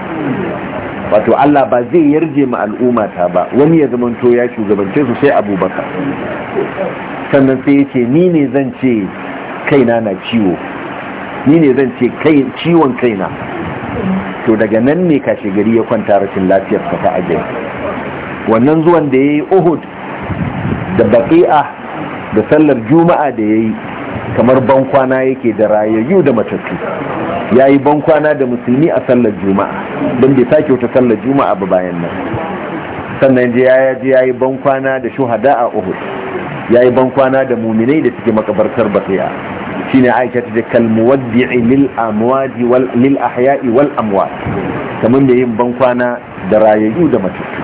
wato Allah ba zai yarje ma al'umma ba wani ya zamanto ya shugabance su sai abubakar sannan sai ya ce ni ne zan ce kaina na ciwo ni ne zan ce ciwon kaina to daga nan ne kashe gari ya kwanta rashin lafiyar ta ajiye wannan zuwan da ya yi uhud da baki'a da sallar juma'a da ya yi kamar bankwana yake da rayayyu da matattu ya yi bankwana da musulmi a sallar juma'a don bai sake wata sallar juma'a ba bayan nan sannan ya yi bankwana da shuhada a uhud ya yi bankwana da muminai da suke makabartar bakiya ne aikata ta jikal kalmuwaddi'i lil amwaji wal lil wal amwat kamar da yin bankwana da rayayyu da matattu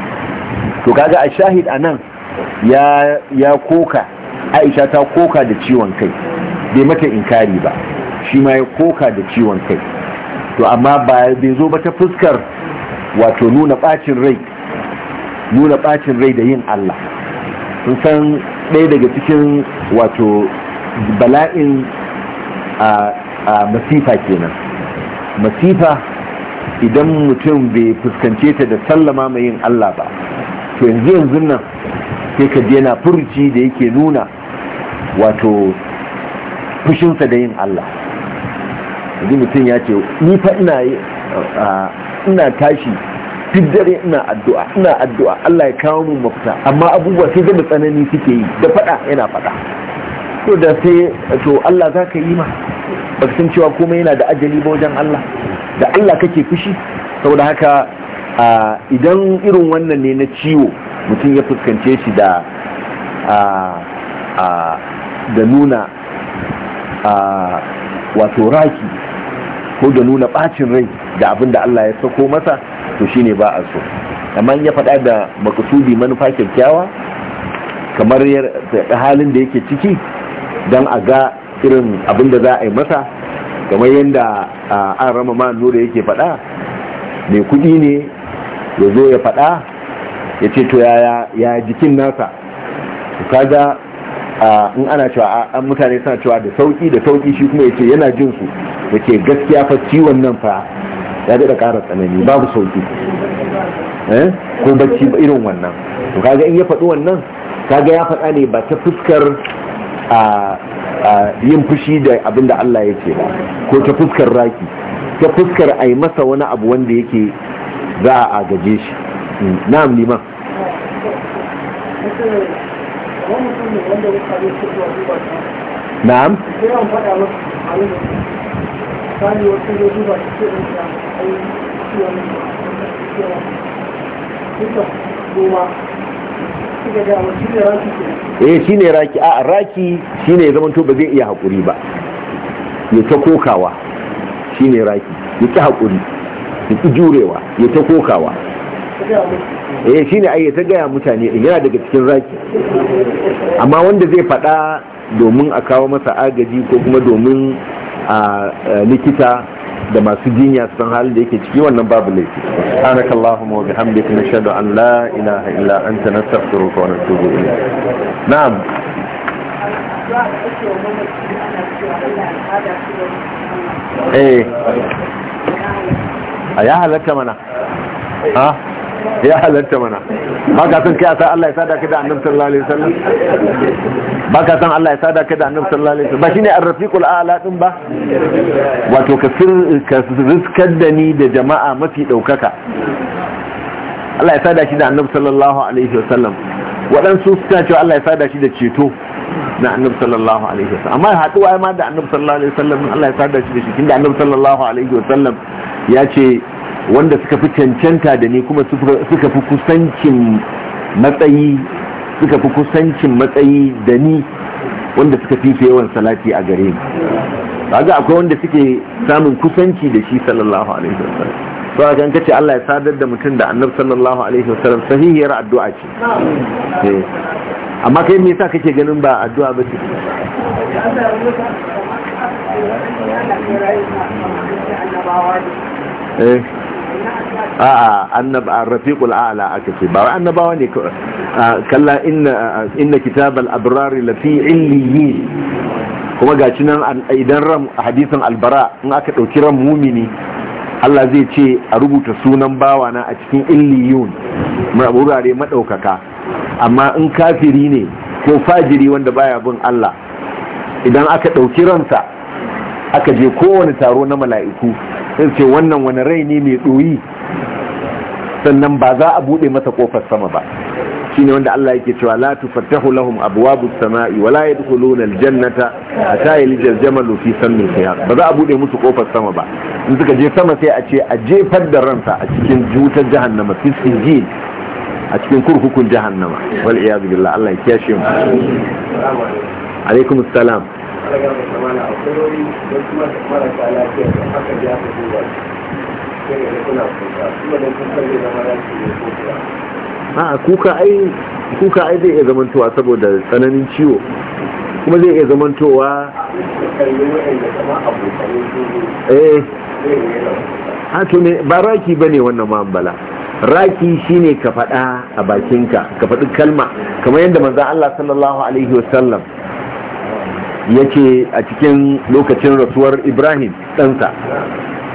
to kaga a shahid anan ya ya koka aisha ta koka da ciwon kai bai mata inkari ba shi ma ya koka da ciwon kai to amma ba bai zo ba ta fuskar wato nuna bacin rai nuna bacin rai da yin Allah sun san ɗaya daga cikin wato bala'in a masifa kenan masifa idan mutum bai fuskance ta da sallama mai yin Allah ba to yanzu yanzu nan sai ka yana furci da yake nuna wato fushinsa da yin Allah yanzu mutum ya ce ni fa ina ina tashi duk dare ina addu'a ina addu'a Allah ya kawo mu mafita amma abubuwa sai da tsanani suke yi da fada yana fada to da sai to Allah za yi ma ba san cewa komai yana da ajali ba wajen Allah da Allah kake fushi saboda haka idan irin wannan ne na ciwo mutum ya fuskance shi da da nuna a wato raki ko da nuna bacin rai da abin da Allah ya sako masa to shine ba a so amma ya faɗa da makasubi manufa kyakkyawa kamar da halin da yake ciki don a ga irin abin da za a yi masa kamar yadda an rama ma nura yake faɗa mai kuɗi ne ya zo ya faɗa ya ce to yaya ya jikin nasa kaga in ana cewa an mutane suna cewa da sauki da sauki shi kuma yace yana jin su ke gaskiya fa ciwon nan fa ya da ƙara tsanani babu sauki eh? ko bacci irin wannan to kaga in ya faɗi wannan kaga ya faɗa ne ba ta fuskar yin fushi da abin da Allah ya ce ba ko ta fuskar raki ta fuskar a yi masa wani abu wanda yake za a gaje shi hmm. na'am liman na'am eh shine raki a raki shine ya zamanto ba zai iya hakuri ba ya ta kokawa shine raki ya ta hakuri ya ta jurewa ya ta kokawa eh shine ai ta gaya mutane din yana daga cikin raki amma wanda zai faɗa domin a kawo masa agaji ko kuma domin a likita da masu jinya su san halin da yake ciki wannan babu laifi subhanaka allahumma wa bihamdika nashhadu an la ilaha illa anta nastaghfiruka wa natubu ilayk na'am eh a ya halatta mana Ha? ya halarta mana baka san kai sa Allah ya sada ka da annabi sallallahu alaihi wasallam baka san Allah ya sada ka da annabi sallallahu alaihi wasallam ba shine ar-rafiqul a'la din ba wato ka riskar da ni da jama'a mafi daukaka Allah ya sada shi da annabi sallallahu alaihi wasallam waɗansu suna cewa Allah ya sada shi da ceto na annabi sallallahu alaihi wasallam amma haɗuwa ma da annabi sallallahu alaihi wasallam Allah ya sada shi da shi tunda annabi sallallahu alaihi wasallam ya ce wanda suka fi cancanta da ni kuma suka fi kusancin matsayi suka fi kusancin matsayi da ni wanda suka fi yawan salati a gare ni kaga akwai wanda suke samun kusanci da shi sallallahu alaihi wasallam to a kan kace Allah ya sadar da mutum da annabi sallallahu alaihi wasallam sahihiyar addu'a ce eh. amma kai me yasa kake ganin ba addu'a ba ce eh a'a annaba rafiqul a'la aka ce ba annabawa ne kalla inna inna kitabal abrar lafi illiyi. kuma gaci nan idan ram hadisin albara in aka dauki ran mumini Allah zai ce a rubuta sunan bawana a cikin illiyun wurare madaukaka amma in kafiri ne ko fajiri wanda baya bin Allah idan aka dauki ransa aka je kowane taro na mala'iku sai ce wannan wani rai ne mai doyi sannan ba za a bude masa kofar sama ba shine wanda Allah yake cewa la tufattahu lahum abwabus samai wa la yadkhuluna aljannata hatta yalijal jamalu fi sammi khiyar ba za a bude musu kofar sama ba in suka je sama sai a ce a jefar da ransa a cikin jutar jahannama fi sijil a cikin kurkukun jahannama wal iyad billah Allah ya kiyashe mu alaikum assalam a kuka ai kuka ai zai iya zamantowa saboda tsananin ciwo kuma zai iya zamantowa eh a to ne ba raki bane wannan ma'ambala raki shine ka faɗa a bakinka ka faɗi kalma kamar yadda manzon Allah sallallahu alaihi wasallam yake a cikin lokacin rasuwar Ibrahim ɗansa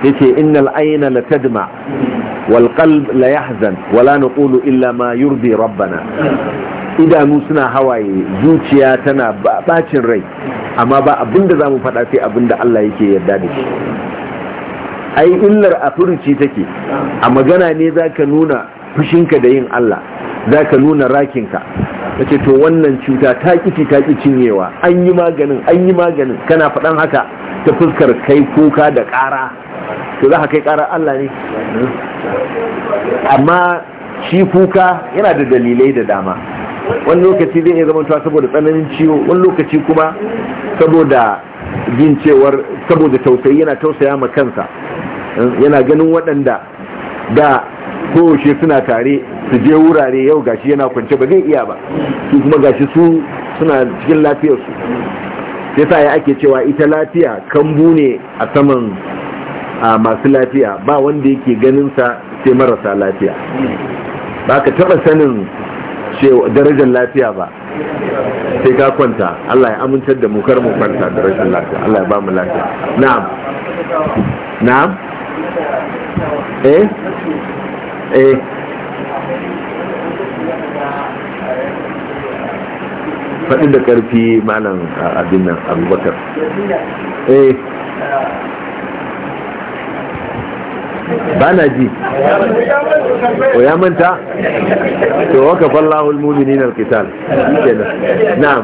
Yake innal ayna la tadma wal qalb la yahzan wala naqulu illa ma yurdi rabbana idanu suna hawaye zuciya tana bacin rai amma ba abinda zamu faɗa sai abinda Allah yake yarda da shi ai illar a take a magana ne zaka nuna fushinka da yin Allah za ka nuna rakinka ka ce to wannan cuta ta kici ta ki cinyewa an yi maganin an yi maganin kana faɗan haka ta fuskar kai kuka da ƙara to za ka kai ƙara Allah ne amma shi kuka yana da dalilai da dama wani lokaci zai iya zamantawa saboda tsananin ciwo wani lokaci kuma saboda jin cewar saboda tausayi yana tausaya ma kansa yana ganin waɗanda da Ko kowace suna tare su je wurare yau gashi yana kwance ba zai iya ba su kuma gashi su suna cikin lafiyarsu sai sa ya ake cewa ita lafiya kan ne a saman masu lafiya ba wanda yake ganinsa sai marasa lafiya ba ka taɓa sanin darajar lafiya ba sai ka kwanta Allah ya amintar da mu kar mu kwanta da rashin lafiya Allah ya ba mu lafiya na'am na'am eh Eh. faɗin da ƙarfi malam abin nan abubakar eh ba na ji ko ya manta to waka fallahu almu'minin alqital kenan na'am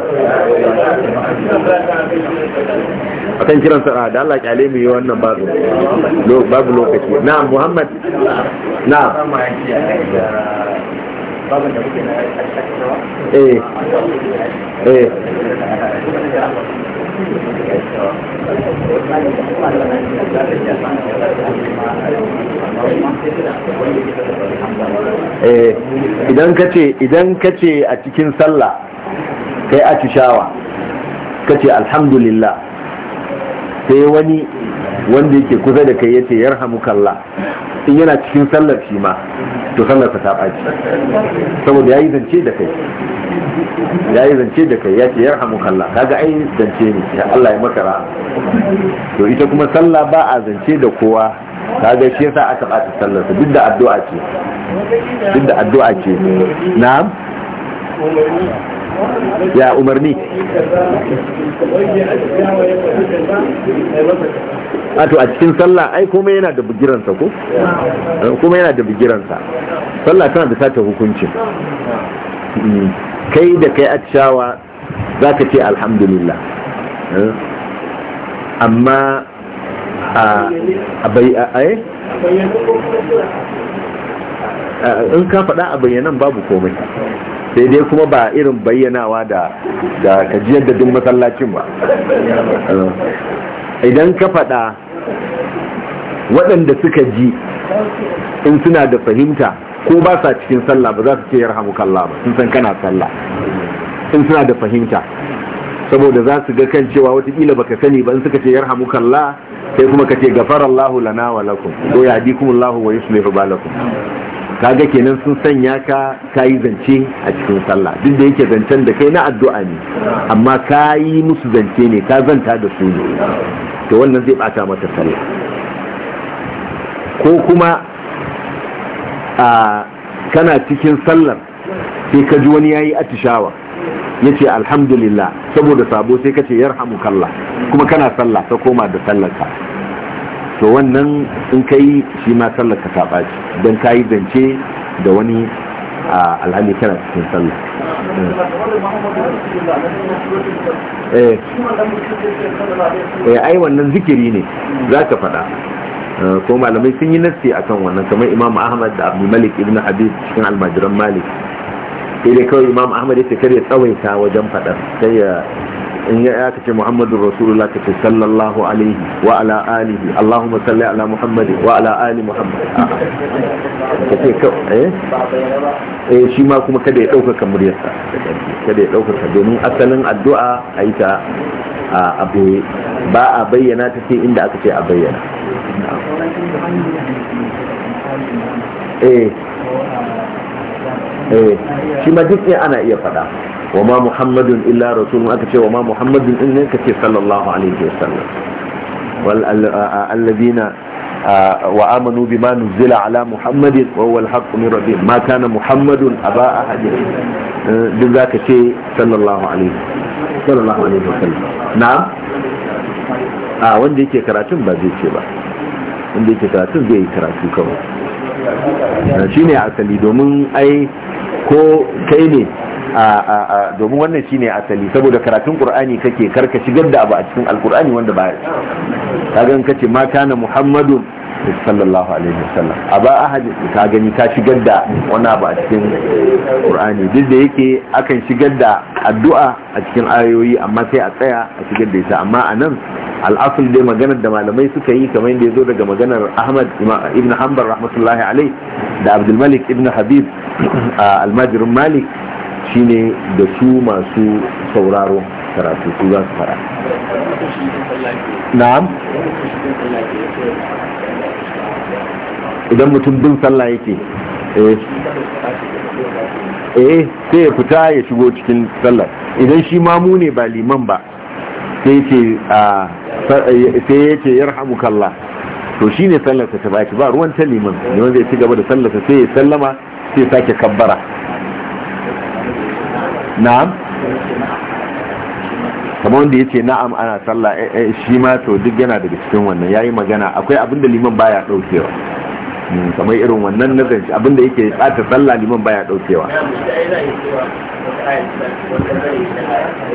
akan kiran sa da Allah kyale mu yi wannan babu babu lokaci na'am muhammad na'am da na eh eh Eh, idan ka ce idan ka ce a cikin sallah kai atishawa ka ce alhamdulillah sai wani wanda yake kusa da kai yace yarhamukallah in yana cikin sallar shi ma to sallar ta ta ɓaci saboda yayi zance da kai ya yi zance da kai ya ce yar hamu kalla kaga ai zance ne ya Allah ya maka ra'a to ita kuma sallah ba a zance da kowa kaga shi yasa aka bata sallar sa duk da addu'a ce duk da addu'a ce na'am ya umarni a to a cikin sallah ai komai yana da bugiransa ko kuma yana da bugiransa. sallah tana da sata hukuncin hmm. kai da kai atishawa za ka ce alhamdulillah amma a bayyane eh? in ka faɗa a bayyanan babu komai sai dai kuma ba irin bayyanawa da da kajiyar da duk masallacin ba idan ka faɗa waɗanda suka ji in suna da fahimta ko ba sa cikin sallah ba za su ce kalla ba sun san kana sallah in suna da fahimta saboda za su ga kan cewa watakila baka sani ba in suka ce kalla sai kuma ka ce gafarallahu lana wa lakum ko yahdikumullahu wa ba lakum kaga kenan sun sanya ka kayi zance a cikin sallah duk da yake zancen da kai na addu'a ne amma kayi musu zance ne ka zanta da su ne to wannan zai bata mata sallah ko kuma a kana cikin sallar sai ka ji wani ya yi atishawa ya ce alhamdulillah saboda sabo sai ka ce yarhamu kalla kuma kana sallah ta koma da sallarka to wannan in ka yi shi ma sallarka ta ɓaci don ka yi zance da wani alhali kana cikin sallar. Eh. eh ai wannan zikiri ne za ka faɗa Eh, ko malamai sun yi nassi kan wannan kamar imam ahmad da abu malik ibn habib cikin almajiran malik sai kawai imam ahmad ya kar ya tsawaita wajen faɗar sai ya in ya ya kace muhammadu rasulullah ka ce sallallahu alaihi wa ala alihi allahumma salli ala muhammad wa ala ali muhammad ka ce eh eh shi ma kuma kada ya dauka muryarsa kada ya dauka domin asalin addu'a a yi ta a boye ba a bayyana ta sai inda aka ce a bayyana eh eh shi ma duk ana iya faɗa wa ma muhammadun illa rasulun aka ce wa ma muhammadun in ne kace sallallahu alaihi wasallam wal alladina wa amanu bima nuzila ala muhammadin wa huwa al-haqqu min rabbihim ma kana muhammadun aba ahad eh, duk zaka ce sallallahu alaihi sallallahu alaihi wasallam na'am a wanda yake karatun ba zai ce ba inda yake karatu zai yi karatu kawai shi ne asali domin ai ko kai ne domin wannan shi ne asali saboda karatun ƙur'ani kake karka shigar da abu a cikin alƙur'ani wanda ba ya kagan kace ma kana muhammadu sallallahu alaihi wasallam a ba ahadi ka gani ka shigar da wani abu a cikin qur'ani duk da yake akan shigar da addu'a a cikin ayoyi amma sai a tsaya a shigar da ita amma anan al'asul dai maganar da malamai suka yi kamar yadda ya zo daga maganar ahmad ibn hanbal rahmatullahi alaih da abdul malik ibn habib almajirin malik shine da su masu sauraro karatu su za su fara na'am idan mutum bin sallah yake eh, eh sai ya fita ya shigo cikin sallar idan shi mamu ne ba liman ba sai ya ce yarhamukallah to shi ne sallarsa ta baki ba ruwan ta liman liman zai ci gaba da sallarsa sai ya sallama sai sake kabbara na'am kama wanda ya ce na'am ana sallah eh, eh, shi ma to duk yana daga cikin wannan ya yi magana akwai abinda liman baya ɗaukewa kamar irin wannan zance abinda yake tsata sallah liman baya daukewa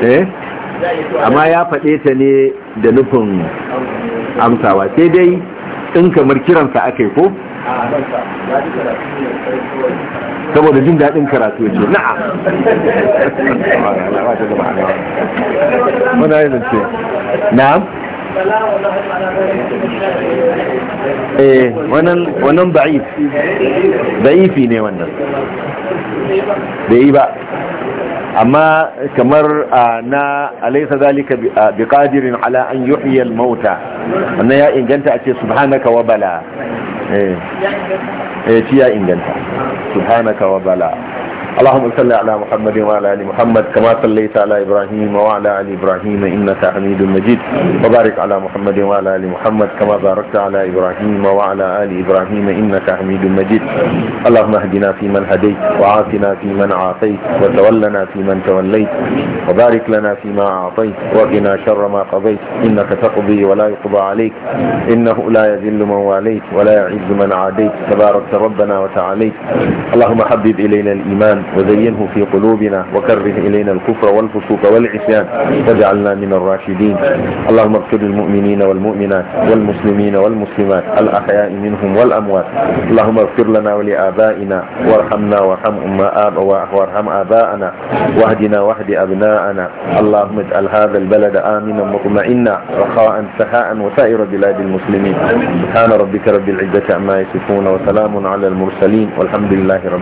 eh amma ya faɗe ta ne da nufin amsawa sai dai in kamar kiransa aka yi ko? saboda jin daɗin karatu ya ce na'a na'am eh wannan wannan ba'if ba'ifi ne wannan bai ba amma kamar na alaysa zalika biqadirin ala an yuhyi al-mauta wannan ya inganta a ce subhanaka wa bala eh eh ya inganta subhanaka wa bala اللهم صل على محمد وعلى ال محمد كما صليت على ابراهيم وعلى ال ابراهيم انك حميد مجيد وبارك على محمد وعلى ال محمد كما باركت على ابراهيم وعلى ال ابراهيم انك حميد مجيد اللهم اهدنا فيمن هديت وعافنا فيمن عافيت وتولنا فيمن توليت وبارك لنا فيما اعطيت وقنا شر ما قضيت انك تقضي ولا يقضى عليك انه لا يذل من واليت ولا يعز من عاديت تبارك ربنا وتعاليت اللهم حبب الينا الايمان وزينه في قلوبنا وكره إلينا الكفر والفسوق والعصيان واجعلنا من الراشدين اللهم اغفر للمؤمنين والمؤمنات والمسلمين والمسلمات الأحياء منهم والأموات اللهم اغفر لنا ولآبائنا وارحمنا وارحم وارحم آباءنا واهدنا واهد أبناءنا اللهم اجعل هذا البلد آمنا مطمئنا رخاء سخاء وسائر بلاد المسلمين سبحان ربك رب العزة عما يصفون وسلام على المرسلين والحمد لله رب